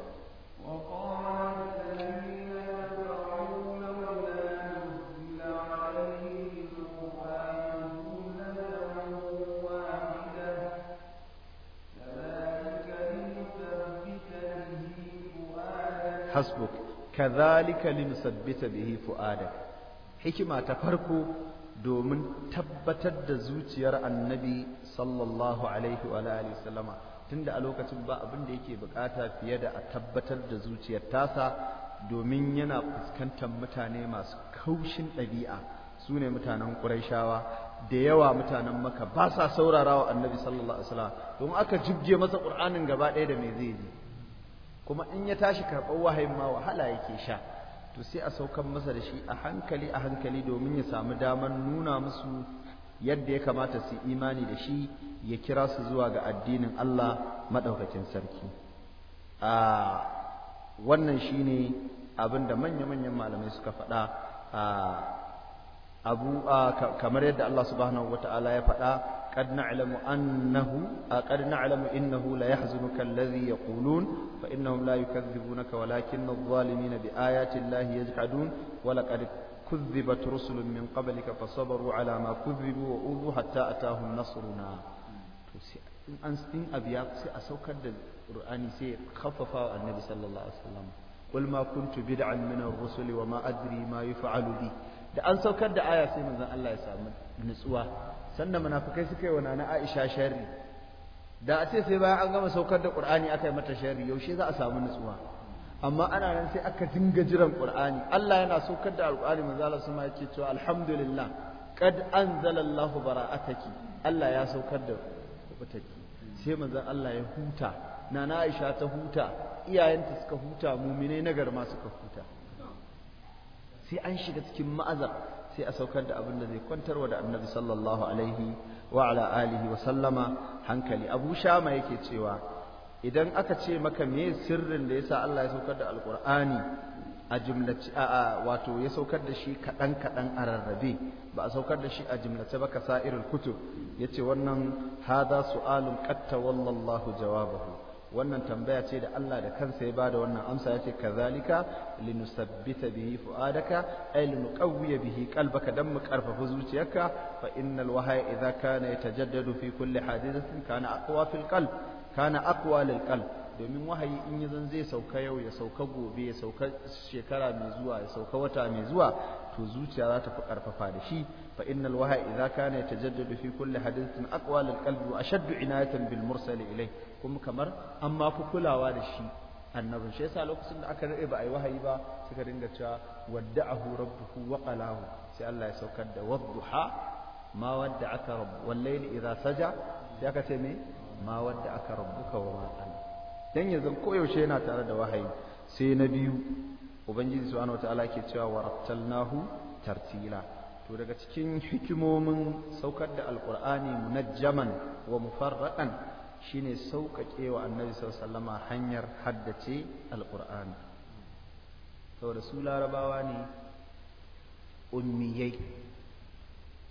B: حسبك كذلك
A: لنثبت به فؤادك hikima ta farko domin tabbatar da zuciyar annabi sallallahu alaihi wa alihi sallama tunda a lokacin ba abin da yake bukata fiye da a tabbatar da zuciyar tasa domin yana fuskantar mutane masu kaushin ɗabi'a su ne mutanen ƙuraishawa da yawa mutanen maka ba sa saurarawa annabi sallallahu alaihi wasallam don aka jibge masa qur'anin gaba ɗaya da me zai ji kuma in ya tashi karɓar wahayin ma wahala yake sha to sai a saukan masa da shi a hankali a hankali domin ya samu damar nuna musu yadda ya kamata su imani da shi ya kira su zuwa ga addinin Allah madaukakin sarki a wannan shine abin da manya-manyan malamai suka faɗa a abu kamar yadda Allah subhanahu wata'ala ya faɗa قد نعلم أنه قد نعلم إنه ليحزنك الذي يقولون فإنهم لا يكذبونك ولكن الظالمين بآيات الله يجحدون ولقد كذبت رسل من قبلك فصبروا على ما كذبوا وأوذوا حتى أتاهم نصرنا أنستين أبيات سأسوكر القرآن سي خففا النبي صلى الله عليه وسلم قل ما كنت بدعا من الرسل وما أدري ما يفعل بي da an saukar da aya sai manzon Allah ya samu nutsuwa Sannan munafukai suka yi wa nana Aisha sharri da a ce sai bayan an gama saukar da Qur'ani aka yi mata sharri yaushe za a samu nutsuwa amma ana nan sai aka dinga jiran Qur'ani Allah yana saukar da al manzo Allah sama yake cewa alhamdulillah qad anzala Allah bara'ataki Allah ya saukar da kubutaki sai manzo Allah ya huta nana Aisha ta huta iyayenta suka huta muminai na garma suka huta sai an shiga cikin ma'azar sai a saukar da abin da zai kwantarwa da annabi sallallahu alaihi wa ala alihi wa sallama hankali abu shama yake cewa idan aka ce maka me sirrin da yasa Allah ya saukar da alqur'ani a jumlace a wato ya saukar da shi kadan kadan a rarrabe ba a saukar da shi a jumlace ba ka sa'irul kutub yace wannan hada su'alun qatta wallallahu jawabahu wannan tambaya ce da Allah da kansa ya bada wannan amsa yace kazalika linusabbita bihi fuadaka ay linuqawwiya bihi qalbaka dan mu karfafa zuciyarka fa innal wahaya idza kana yatajaddadu fi kulli hadithatin kana aqwa fil qalb kana aqwa lil qalb domin wahayi in yi zan zai sauka yau ya sauka gobe ya sauka shekara mai zuwa ya sauka wata mai zuwa to zuciya za ta fi karfafa da shi fa innal wahaya idza kana yatajaddadu fi kulli hadithatin aqwa lil qalbi wa ashaddu inayatan bil mursali ilayhi kuma kamar an ma fi kulawa da shi annabin shi yasa lokacin da aka rabe ba a yi wahayi ba suka dinga cewa wadda'ahu rabbuhu wa qalahu sai Allah ya saukar da wadduha ma wadda aka wal layli idza saja sai aka ce me ma wadda aka rabbuka wa ma qala dan yanzu koyaushe yana tare da wahayi sai na biyu ubangiji subhanahu wataala ke cewa rattalnahu tartila to daga cikin hikimomin saukar da alqur'ani munajjaman wa mufarraqan shine sauƙaƙe wa annabi sallama hanyar haddace alƙur'ani saboda su larabawa ne ummiyai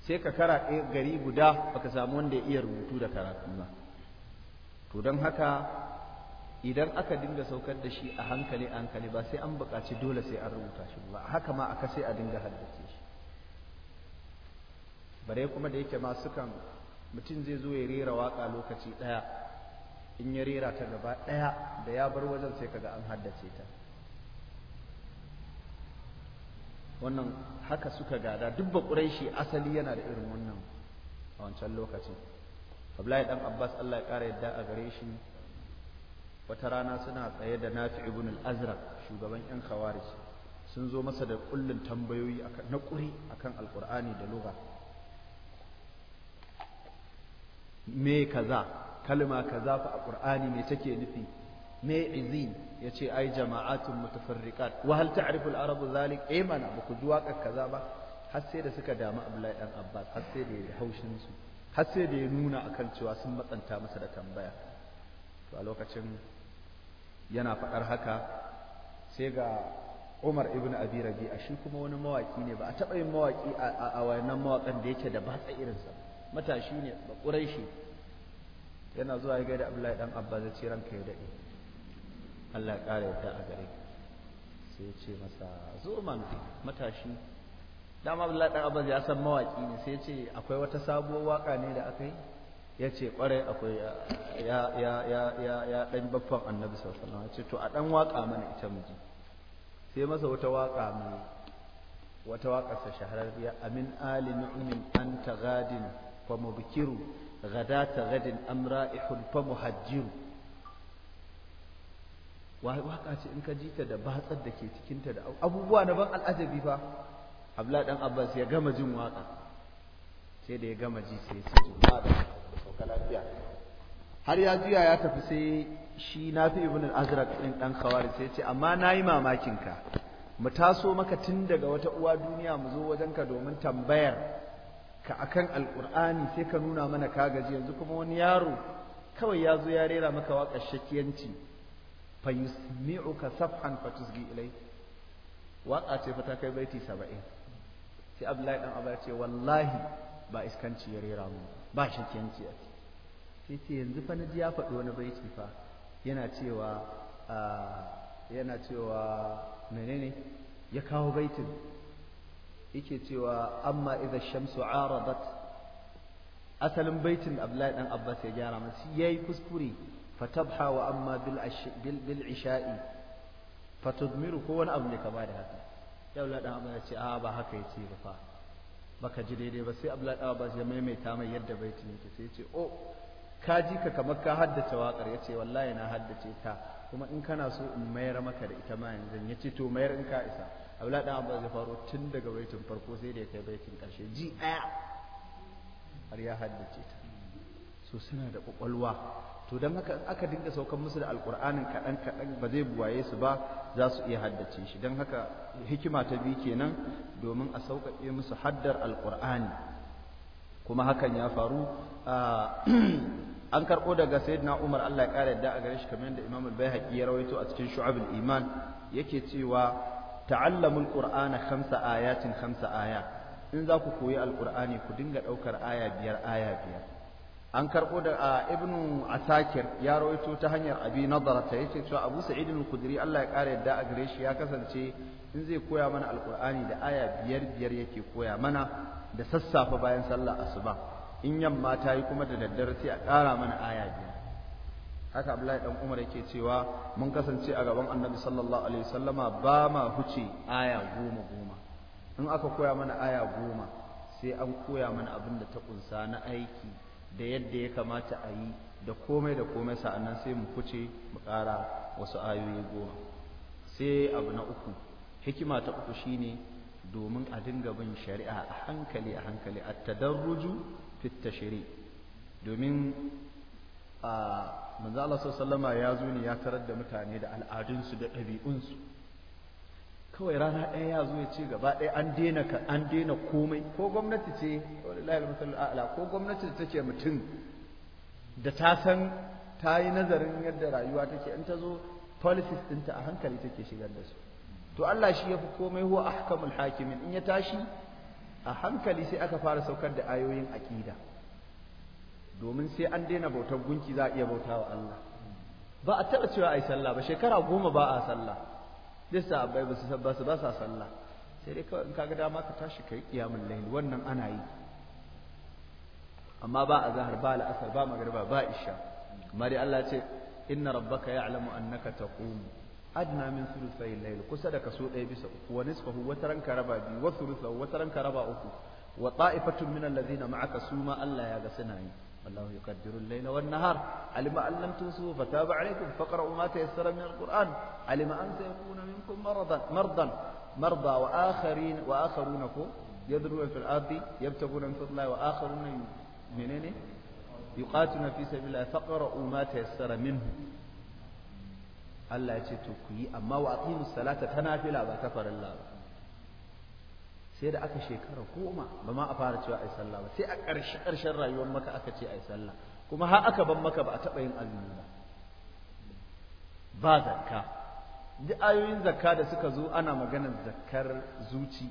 A: sai ka kara gari guda baka samu wanda ya iya rubutu da karatu ba to don haka idan aka dinga saukar da shi a hankali a hankali ba sai an buƙaci dole sai an rubuta shi ba haka ma aka sai a dinga haddace shi bare kuma da yake ma sukan mutum zai zo ya rera waƙa lokaci ɗaya in ya rera ta gaba ɗaya da ya bar wajen sai kaga an haddace ta wannan haka suka gada duk ba shi asali yana da irin wannan a wancan lokacin Abdullahi dan Abbas Allah ya ƙara yadda a gare shi wata rana suna tsaye da Nafi ibn al azra shugaban yan khawarij sun zo masa da kullun tambayoyi na ƙuri akan alƙur'ani da lugha me kaza kalma kaza fa a qur'ani me take nufi me izin yace ai jama'atun mutafarriqat wa hal ta'rifu al-arabu zalik eh mana ba ku ji waka kaza ba har sai da suka damu Abdullahi dan Abbas har sai da ya haushin su har sai da ya nuna akan cewa sun matsanta masa da tambaya to a lokacin yana faɗar haka sai ga Umar ibn Abi a shi kuma wani mawaki ne ba a taɓa yin mawaki a wayannan mawakan da yake da batsa irinsa matashi ne ba ƙurai shi yana zuwa ya gaida Abdullahi dan Abba zai ce ranka ya dade Allah ya kare ta a gare sai ya ce masa zo man matashi dama Abdullahi dan Abba ya san mawaki ne sai ya ce akwai wata sabuwar waka ne da aka yi ya ce kwarai akwai ya ya ya ya ya dan baffan Annabi sallallahu alaihi wasallam ya ce to a dan waka mana ita miji sai masa wata waka mai wata waƙarsa shahararriya amin ali nu'min anta gadin fa mubkiru غداة غد أمرائح فمهجر waka ce in ka ji ta da batsar da ke cikinta da abubuwa na ban al'ajabi fa abla dan abbas ya gama jin waka sai da ya gama ji sai ya ce ba da sauka lafiya har ya juya ya tafi sai shi nafi ibn al-azraq din dan khawari sai ya ce amma nayi mamakin ka mu taso maka tun daga wata uwa duniya mu zo wajenka domin tambayar ka akan alkur'ani sai ka nuna mana ka gaji yanzu kuma wani yaro kawai ya zo ya rera maka waƙar shakiyanci fa yusmi'uka safhan fa tusgi ilai waƙa ce fa ta kai baiti saba'in sai abdullahi dan abba ce wallahi ba iskanci ya rera mu ba shakiyanci a ce sai ce yanzu fa naji ya faɗi wani baiti fa yana cewa ah, yana cewa menene ya kawo baitin yake cewa amma idan shamsu aradat asalin baitin Abdullahi dan Abbas ya gyara masa yayi kuskure fatabha wa amma bil bil isha'i fatudmiru ko wani abu ne ka bada haka Abdullahi dan Abbas ya ce a ba haka yace ba fa baka ji daidai ba sai Abdullahi dan Abbas ya maimaita mai yadda baitin yake sai yace o oh, ka ji ka kamar ka haddace waƙar ya ce wallahi na haddace ta kuma in kana so in mayar maka da ita ma yanzu ya ce to mayar in ka isa abla dan abbas faru faro tun daga baitin farko sai da ya kai baitin ƙarshe ji ɗaya har ya haddace ta so suna da kwakwalwa to don haka aka dinga saukan musu da alƙur'anin kaɗan kaɗan ba zai buwaye su ba za su iya haddace shi don haka hikima ta biyu kenan domin a sauƙaƙe musu haddar alkur'ani kuma hakan ya faru an karɓo daga sayyidina umar allah ya ƙara yadda a gare shi kamar yadda imam al-bayhaqi ya rawaito a cikin shu'abul iman yake cewa ta'allamul qur'ana khamsa ayatin khamsa aya in za ku koyi alqur'ani ku dinga daukar aya biyar aya biyar an karbo da ibnu asakir ya rawaito ta hanyar abi nadara ta yace cewa abu sa'id al-khudri Allah ya kare yadda a gare shi ya kasance in zai koya mana alqur'ani da aya biyar biyar yake koya mana da sassafe bayan sallah asuba in yamma ta yi kuma da daddare sai a kara mana aya biyar haka abdullahi dan umar yake cewa mun kasance a gaban annabi sallallahu alaihi wasallama ba ma huce aya goma goma in aka koya mana aya goma sai an koya mana abin da ta kunsa na aiki da yadda ya kamata a yi da komai da komai sa'annan sai mu huce mu ƙara wasu ayoyi goma sai abu na uku hikima ta uku shine domin a dinga bin shari'a a hankali a hankali at-tadarruju fit tashri domin a manzo Allah sallama ya zo ne ya tarar da mutane da al'adunsu da ɗabi'unsu kawai rana ɗaya ya zo ya ce gaba ɗaya an daina ka an daina komai ko gwamnati ce wallahi a'la ko gwamnati da take mutum da ta san ta yi nazarin yadda rayuwa take in ta zo policies ɗinta a hankali take shigar da su to Allah shi ya fi komai huwa ahkamul hakimin in ya tashi a hankali sai aka fara saukar da ayoyin aƙida domin sai an daina bautar gunki za a iya bauta wa Allah ba a taɓa cewa ai sallah ba shekara goma ba a sallah dissa sahabbai ba su ba su ba sa sallah sai dai kawai in kaga dama ka tashi kai qiyamul layl wannan ana yi amma ba a zahar ba la'asar ba magriba ba isha amma dai Allah ce inna rabbaka ya'lamu annaka taqum adna min thuluthay al-layl kusa da kaso ɗaya bisa uku wa nisfahu wa taranka raba biyu wa thuluthahu wa taranka raba uku wa ta'ifatun min alladhina ma'aka suma Allah ya ga suna yi الله يقدر الليل والنهار علم أن لم تنسوا فتاب عليكم فقرأوا ما تيسر من القرآن علم أن سيكون منكم مرضا مرضا مرضى وآخرين وآخرونكم يذرون في الأرض يبتغون من فضل الله وآخرون منين يقاتلون في سبيل الله فقرأوا ما تيسر منه ألا تتوكي أما وأقيموا الصلاة تنافلا وكفر الله sai da aka shekara goma ba ma a fara cewa ai sallah ba sai a ƙarshe ƙarshen rayuwar maka aka ce ai sallah kuma har aka ban maka ba a taɓa yin azumi ba ba zakka duk ayoyin zakka da suka zo ana maganar zakkar zuci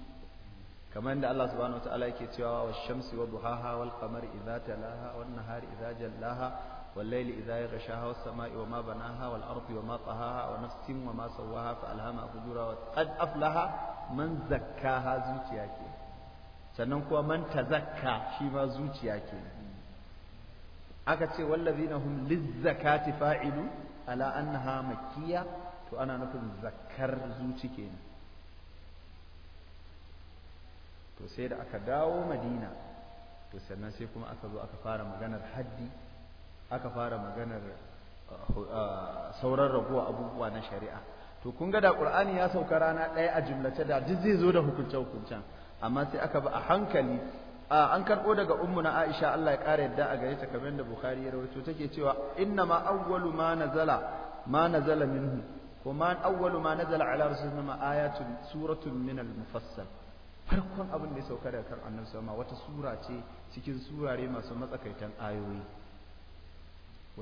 A: kamar yadda Allah subhanahu wataala yake cewa wa shamsi wa duhaha wal qamari idza talaha wan nahari idza jallaha والليل إذا يغشاها والسماء وما بناها والأرض وما طهاها ونفس وما سواها فألهمها فجورها قد أفلح من زكاها زوجياكي sannan kuma man tazakka shi ma zuciya ke aka ce wallazina hum lizzakati fa'ilu ala annaha makkiya to ana nufin zakkar zuci kenan to sai da aka dawo madina to sannan sai kuma aka zo aka fara maganar haddi aka fara maganar uh, uh, sauran raguwa abubuwa na shari'a to kun ga da qur'ani ya sauka rana ɗaya a jumlace da duk zai zo da hukunce hukuncen amma sai aka ba a hankali an karɓo daga ummu na Aisha Allah ya ƙara yadda a gare ta kamar da Bukhari ya rawaito take cewa inna ma awwalu ma nazala ma nazala minhu ko ma awwalu ma nazala ala rasulina ayatun suratun min al-mufassal farkon abin da ya sauka daga kan annabi sama wata sura ce cikin surare masu matsakaitan ayoyi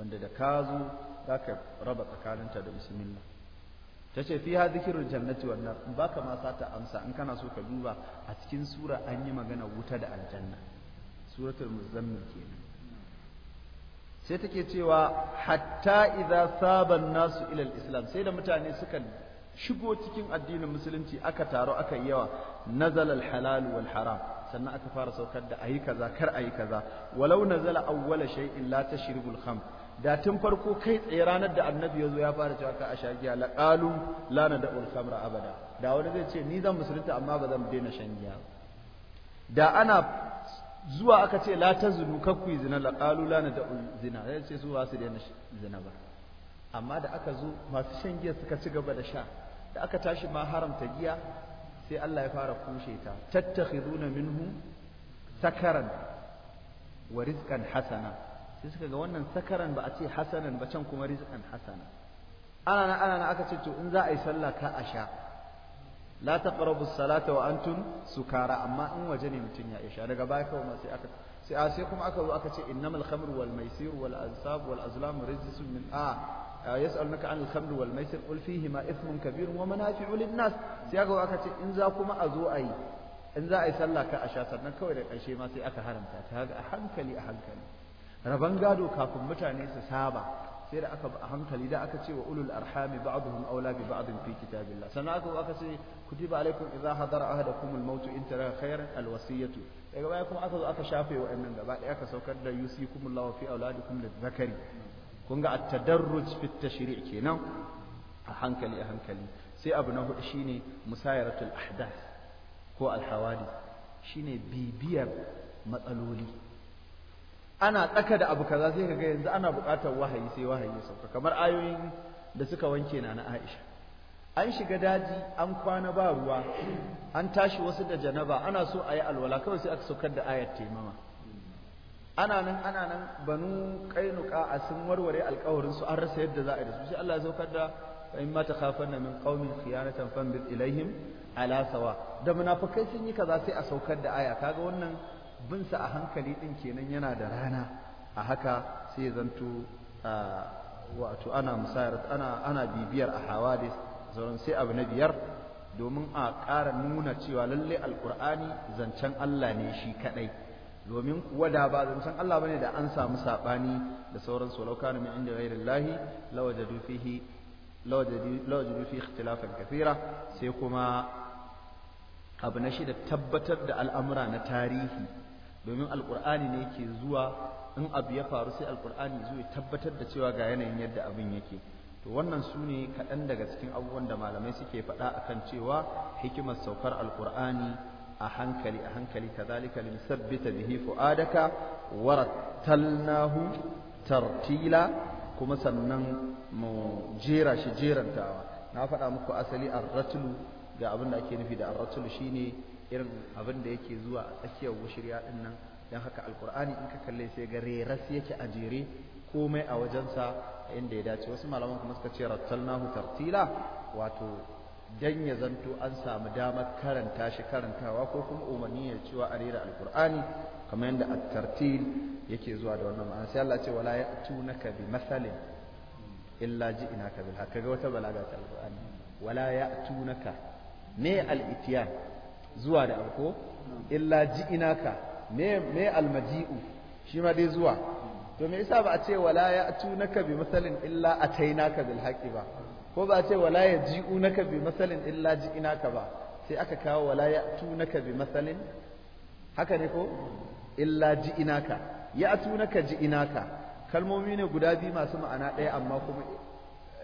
A: wanda da ka zo za ka raba tsakaninta da bismillah ta ce fi ha zikirin jannati wannan ba ka ma sata amsa in kana so ka duba a cikin sura an yi magana wuta da aljanna suratul muzammil kenan sai take cewa hatta idza saba nasu ila islam sai da mutane suka shigo cikin addinin musulunci aka taro aka yi yawa nazal al halal wal haram sannan aka fara saukar da ayi kaza kar ayi kaza walau nazala awwala shay'in la tashribul khamr da tun farko kai tsaye ranar da annabi ya zo ya fara cewa ka a sha giya la qalu la abada da wani zai ce ni zan musulunta amma ba zan daina shan giya da ana zuwa aka ce la tazunu kakku zina la qalu la nad'ul zina zai ce su ba su daina zina ba amma da aka zo masu shan giya suka ci gaba da sha da aka tashi ma haramta giya sai Allah ya fara kushe ta tattakhiduna minhu sakaran wa rizqan hasana sai suka ga wannan sakaran ba a ce hasanan ba can kuma rizqan hasana ana na aka ce to in za a yi sallah ka a sha la taqrabu salata wa antum sukara amma in waje ne mutun ya isha. daga baya kawai ma sai aka sai a sai kuma aka zo aka ce innamal khamru wal maisir wal ansab wal azlam rijsun min a yas'alunaka anil khamri wal maisir qul fihi ma ithmun kabir wa manafi'u lin nas sai aka aka ce in za kuma a zo ayi in za a yi sallah ka a sha sannan kawai da ƙarshe ma sai aka haramta ta ga a hankali a hankali raban gado kafin mutane su saba sai da aka a hankali da aka ce wa ulul arhami ba'dhum aula bi ba'dhin fi kitabillah sannan aka aka ce kutiba alaikum idza hadara ahadakum al-maut in taraka khairan al-wasiyatu daga baya kuma aka zo aka shafe wa'annan gaba ɗaya aka saukar da yusikumullahu fi auladikum da zakari kun ga at-tadarruj fi tashri kenan a hankali a hankali sai abu na hudu shine musayaratul ahdath ko al-hawadith shine bibiyar matsaloli ana tsaka da abu kaza sai kaga yanzu ana buƙatar wahayi sai wahayi sauka kamar ayoyin da suka wanke na na Aisha an shiga daji an kwana ba ruwa an tashi wasu da janaba ana so ayi alwala kawai sai aka saukar da ayat taimama ana nan ana nan banu kainuka a sun warware alƙawarin su an rasa yadda za a yi da su sai Allah ya saukar da in ma takhafanna min qaumin khiyanatan fanbir ilaihim ala sawa da munafikai sun yi kaza sai a saukar da aya kaga wannan binsa a hankali ɗin kenan yana da rana a haka sai zanto wato ana musayar ana ana bibiyar a hawadis zauren sai abu na biyar domin a ƙara nuna cewa lalle alƙur'ani zancen Allah ne shi kaɗai domin kuwa da ba zancen Allah bane da an samu saɓani da sauran solauka na min inda ghairin lahi lawajadu fihi lawajadu fi ikhtilafan kathira sai kuma abu na shida tabbatar da al'amura na tarihi domin alkur'ani ne ke zuwa in abu ya faru sai alkur'ani zuwa tabbatar da cewa ga yanayin yadda abin yake to wannan su ne kaɗan daga cikin abubuwan da malamai suke faɗa a kan cewa hikimar saukar alkur'ani a hankali a hankali lin sabbita bihi fuadaka warattalnahu tartila kuma sannan mu jera shi jerantawa na faɗa muku asali arratulu ga abin da ake nufi da arratulu shine irin abin da yake zuwa a tsakiyar wushirya din nan don haka alkur'ani in ka kalle sai ga reras yake a jere komai a wajensa a inda ya dace wasu malaman kuma suka ce rattalnahu tartila wato dan ya zanto an samu damar karanta shi karantawa ko kuma umarni ya cewa a rera alkur'ani kamar yadda at-tartil yake zuwa da wannan ma'ana sai Allah ce wala ya'tunaka bi mathalin illa ji'naka bil kaga wata balaga ta wala ya'tunaka ne al-ityan zuwa da alko, illa ji'inaka me me almaji'u shi ma dai zuwa to me yasa ba a ce wala ya ka bi masalin illa ka bil haqqi ba ko ba a ce wala ya ka bi masalin illa ji'inaka ba sai aka kawo wala ya ka bi masalin haka ne ko illa ji'inaka ya'tunaka ji'inaka kalmomi ne guda biyu masu ma'ana ɗaya amma kuma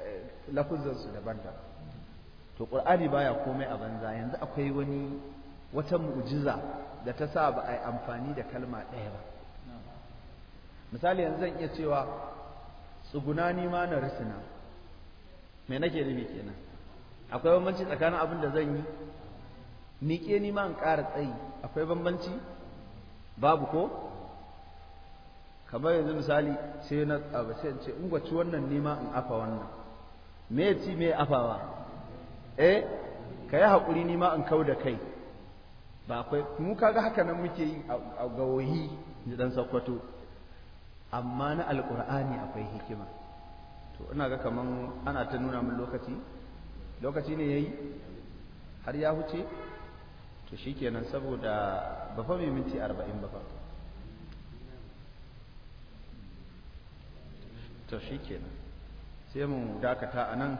A: eh, lafuzansu daban-daban to Al-ƙur'ani baya komai a banza yanzu akwai wani wata mu'jiza da ta sa ba a yi amfani da kalma ɗaya ba misali yanzu zan iya cewa tsuguna ni ma na risina me nake nufi kenan akwai bambanci tsakanin abin da zan yi miƙe ni ma in ƙara tsayi akwai bambanci babu ko kamar yanzu misali sai na tsaba sai ce in gwaci wannan ni ma in afa wannan me ci me afawa eh ka yi nima ni ma in kau da kai ba akwai mu kaga haka nan muke yi a gawoyi da dan sakwato amma na alqur'ani akwai hikima to ina ga kaman ana ta nuna min lokaci lokaci ne yayi har ya huce to shikenan saboda ba fa mai minti 40 ba fa to shikenan sai mu dakata anan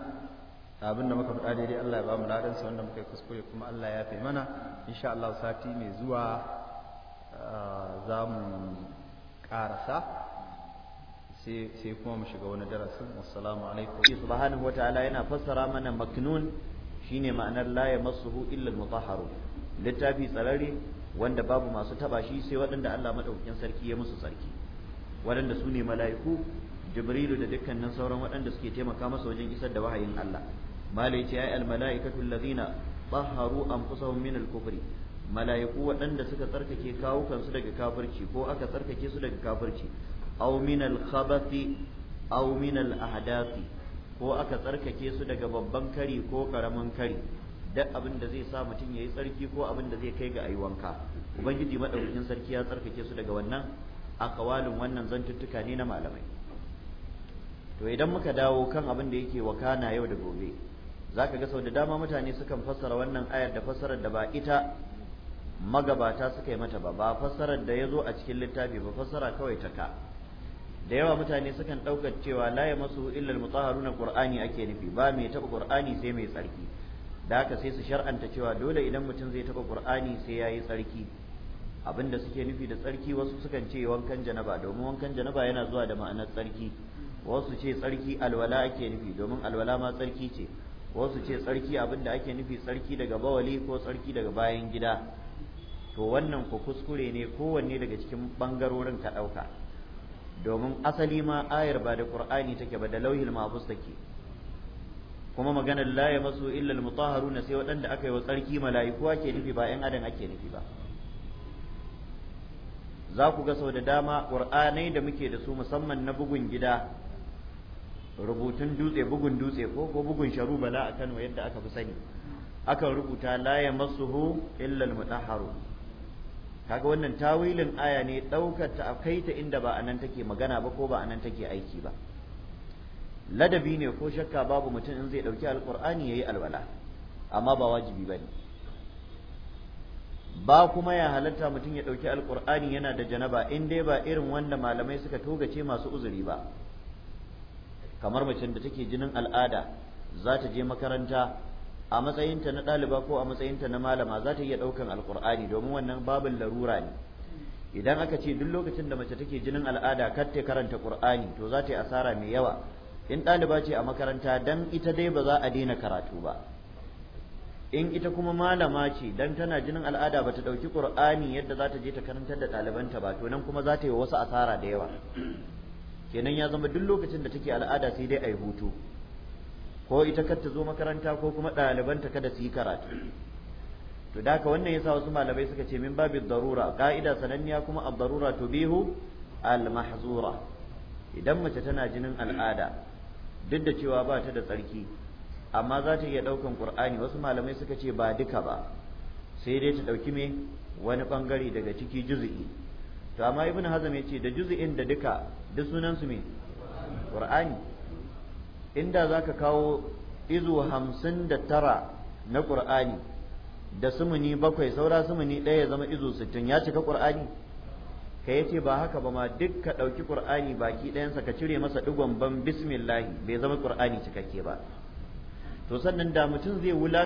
A: abin da muka faɗa daidai Allah ya ba mu ladan sa wanda muka yi kuskure kuma Allah ya fi mana insha Allah sati mai zuwa ah, za mu ƙarasa sai kuma mu shiga wani darasin assalamu alaikum subhanahu
C: wataala yana fassara mana maknun shine ma'anar la yamassuhu illa mutahharu littafi tsarare wanda babu masu taba shi sai waɗanda Allah madaukakin sarki ya musu sarki waɗanda su ne mala'iku jibrilu da dukkanin sauran waɗanda suke taimaka masa wajen isar da wahayin Allah malai ce ai almalaikatu allazina tahharu anfusahum min al-kufri mala'iku waɗanda suka tsarkake kawukansu daga kafirci ko aka tsarkake su daga kafirci aw min al-khabathi aw min al-ahdathi ko aka tsarkake su daga babban kari ko karaman kari duk abin da zai sa mutum yayi tsarki ko abin da zai kai ga ayi wanka ubangiji madaukakin sarki ya tsarkake su daga wannan akawalin wannan zantuttuka ne na malamai to idan muka dawo kan abin da yake wakana yau da gobe zaka ga sau da dama mutane sukan fassara wannan ayar da fassarar da ba ita magabata suka yi mata ba ba fassarar da ya zo a cikin littafi ba fassara kawai ta ka da yawa mutane sukan ɗaukar cewa laye masu masu mutsaharu na Kur'ani ake nufi ba mai taɓa ƙur'ani sai mai tsarki da haka sai su shar'anta cewa dole idan mutum zai taɓa Kur'ani sai ya yi tsarki abinda suke nufi da tsarki wasu sukan ce wankan janaba domin wankan janaba yana zuwa da ma'anar tsarki
D: wasu ce tsarki alwala ake nufi domin alwala ma tsarki ce wasu ce tsarki abin da ake nufi tsarki daga bawali ko tsarki daga
C: bayan gida to wannan ku kuskure ne kowanne daga cikin ɓangarorin ka ɗauka domin asali ma ayar ba da ƙur'ani take ba da lauhil mahfuz take kuma maganar la ya masu illa mutahharuna sai waɗanda aka yi wa tsarki mala'iku ake nufi ba 'yan adam ake nufi ba za ku ga sau da dama ƙur'anai da muke da su musamman na bugun gida rubutun dutse bugun dutse ko ko bugun sharu bala a Kano yadda aka fi sani akan rubuta la masuhu illa al-mutahharu kaga wannan tawilin aya ne daukar ta kai ta inda ba anan take magana ba ko ba anan take aiki ba ladabi ne ko shakka babu mutum in zai dauki alqur'ani yayi alwala amma ba wajibi bane ba kuma ya halatta mutum ya dauki alqur'ani yana da janaba in dai ba irin wanda malamai suka togace masu uzuri ba kamar macen da take jinin al'ada za ta je makaranta a matsayinta na ɗaliba ko a matsayinta na malama za ta iya ɗaukan alƙur'ani domin wannan babin larura ne idan aka ce duk lokacin da mace take jinin al'ada kar ta karanta ƙur'ani to za ta yi asara mai yawa in ɗaliba ce a makaranta dan ita dai ba za a daina karatu ba in ita kuma malama ce dan tana jinin al'ada ba ta ɗauki ƙur'ani yadda za ta je ta karantar da ɗalibanta ba to nan kuma za ta yi wasu asara da yawa kenan ya zama duk lokacin da take al'ada sai dai a yi hutu ko ita kar ta zo makaranta ko kuma ɗalibanta kada su yi karatu to da wannan yasa wasu malamai suka ce min babu darura ka'ida sananniya kuma a darura to al-mahzura idan mace tana jinin al'ada duk da cewa ba ta da tsarki amma za ta iya ɗaukan qur'ani wasu malamai suka ce ba duka ba sai dai ta ɗauki me wani ɓangare daga ciki juzu'i to amma ibn hazm yace da juz'in da duka duk sunan su me qur'ani inda zaka kawo izu hamsin da tara na qur'ani da sumuni bakwai saura sumuni ɗaya ya zama izu sittin ya cika qur'ani ka yace ba haka ba ma duk ka ɗauki qur'ani baki ɗayansa ka cire masa digon ban bismillahi bai zama qur'ani cikakke ba to sannan da mutum zai wula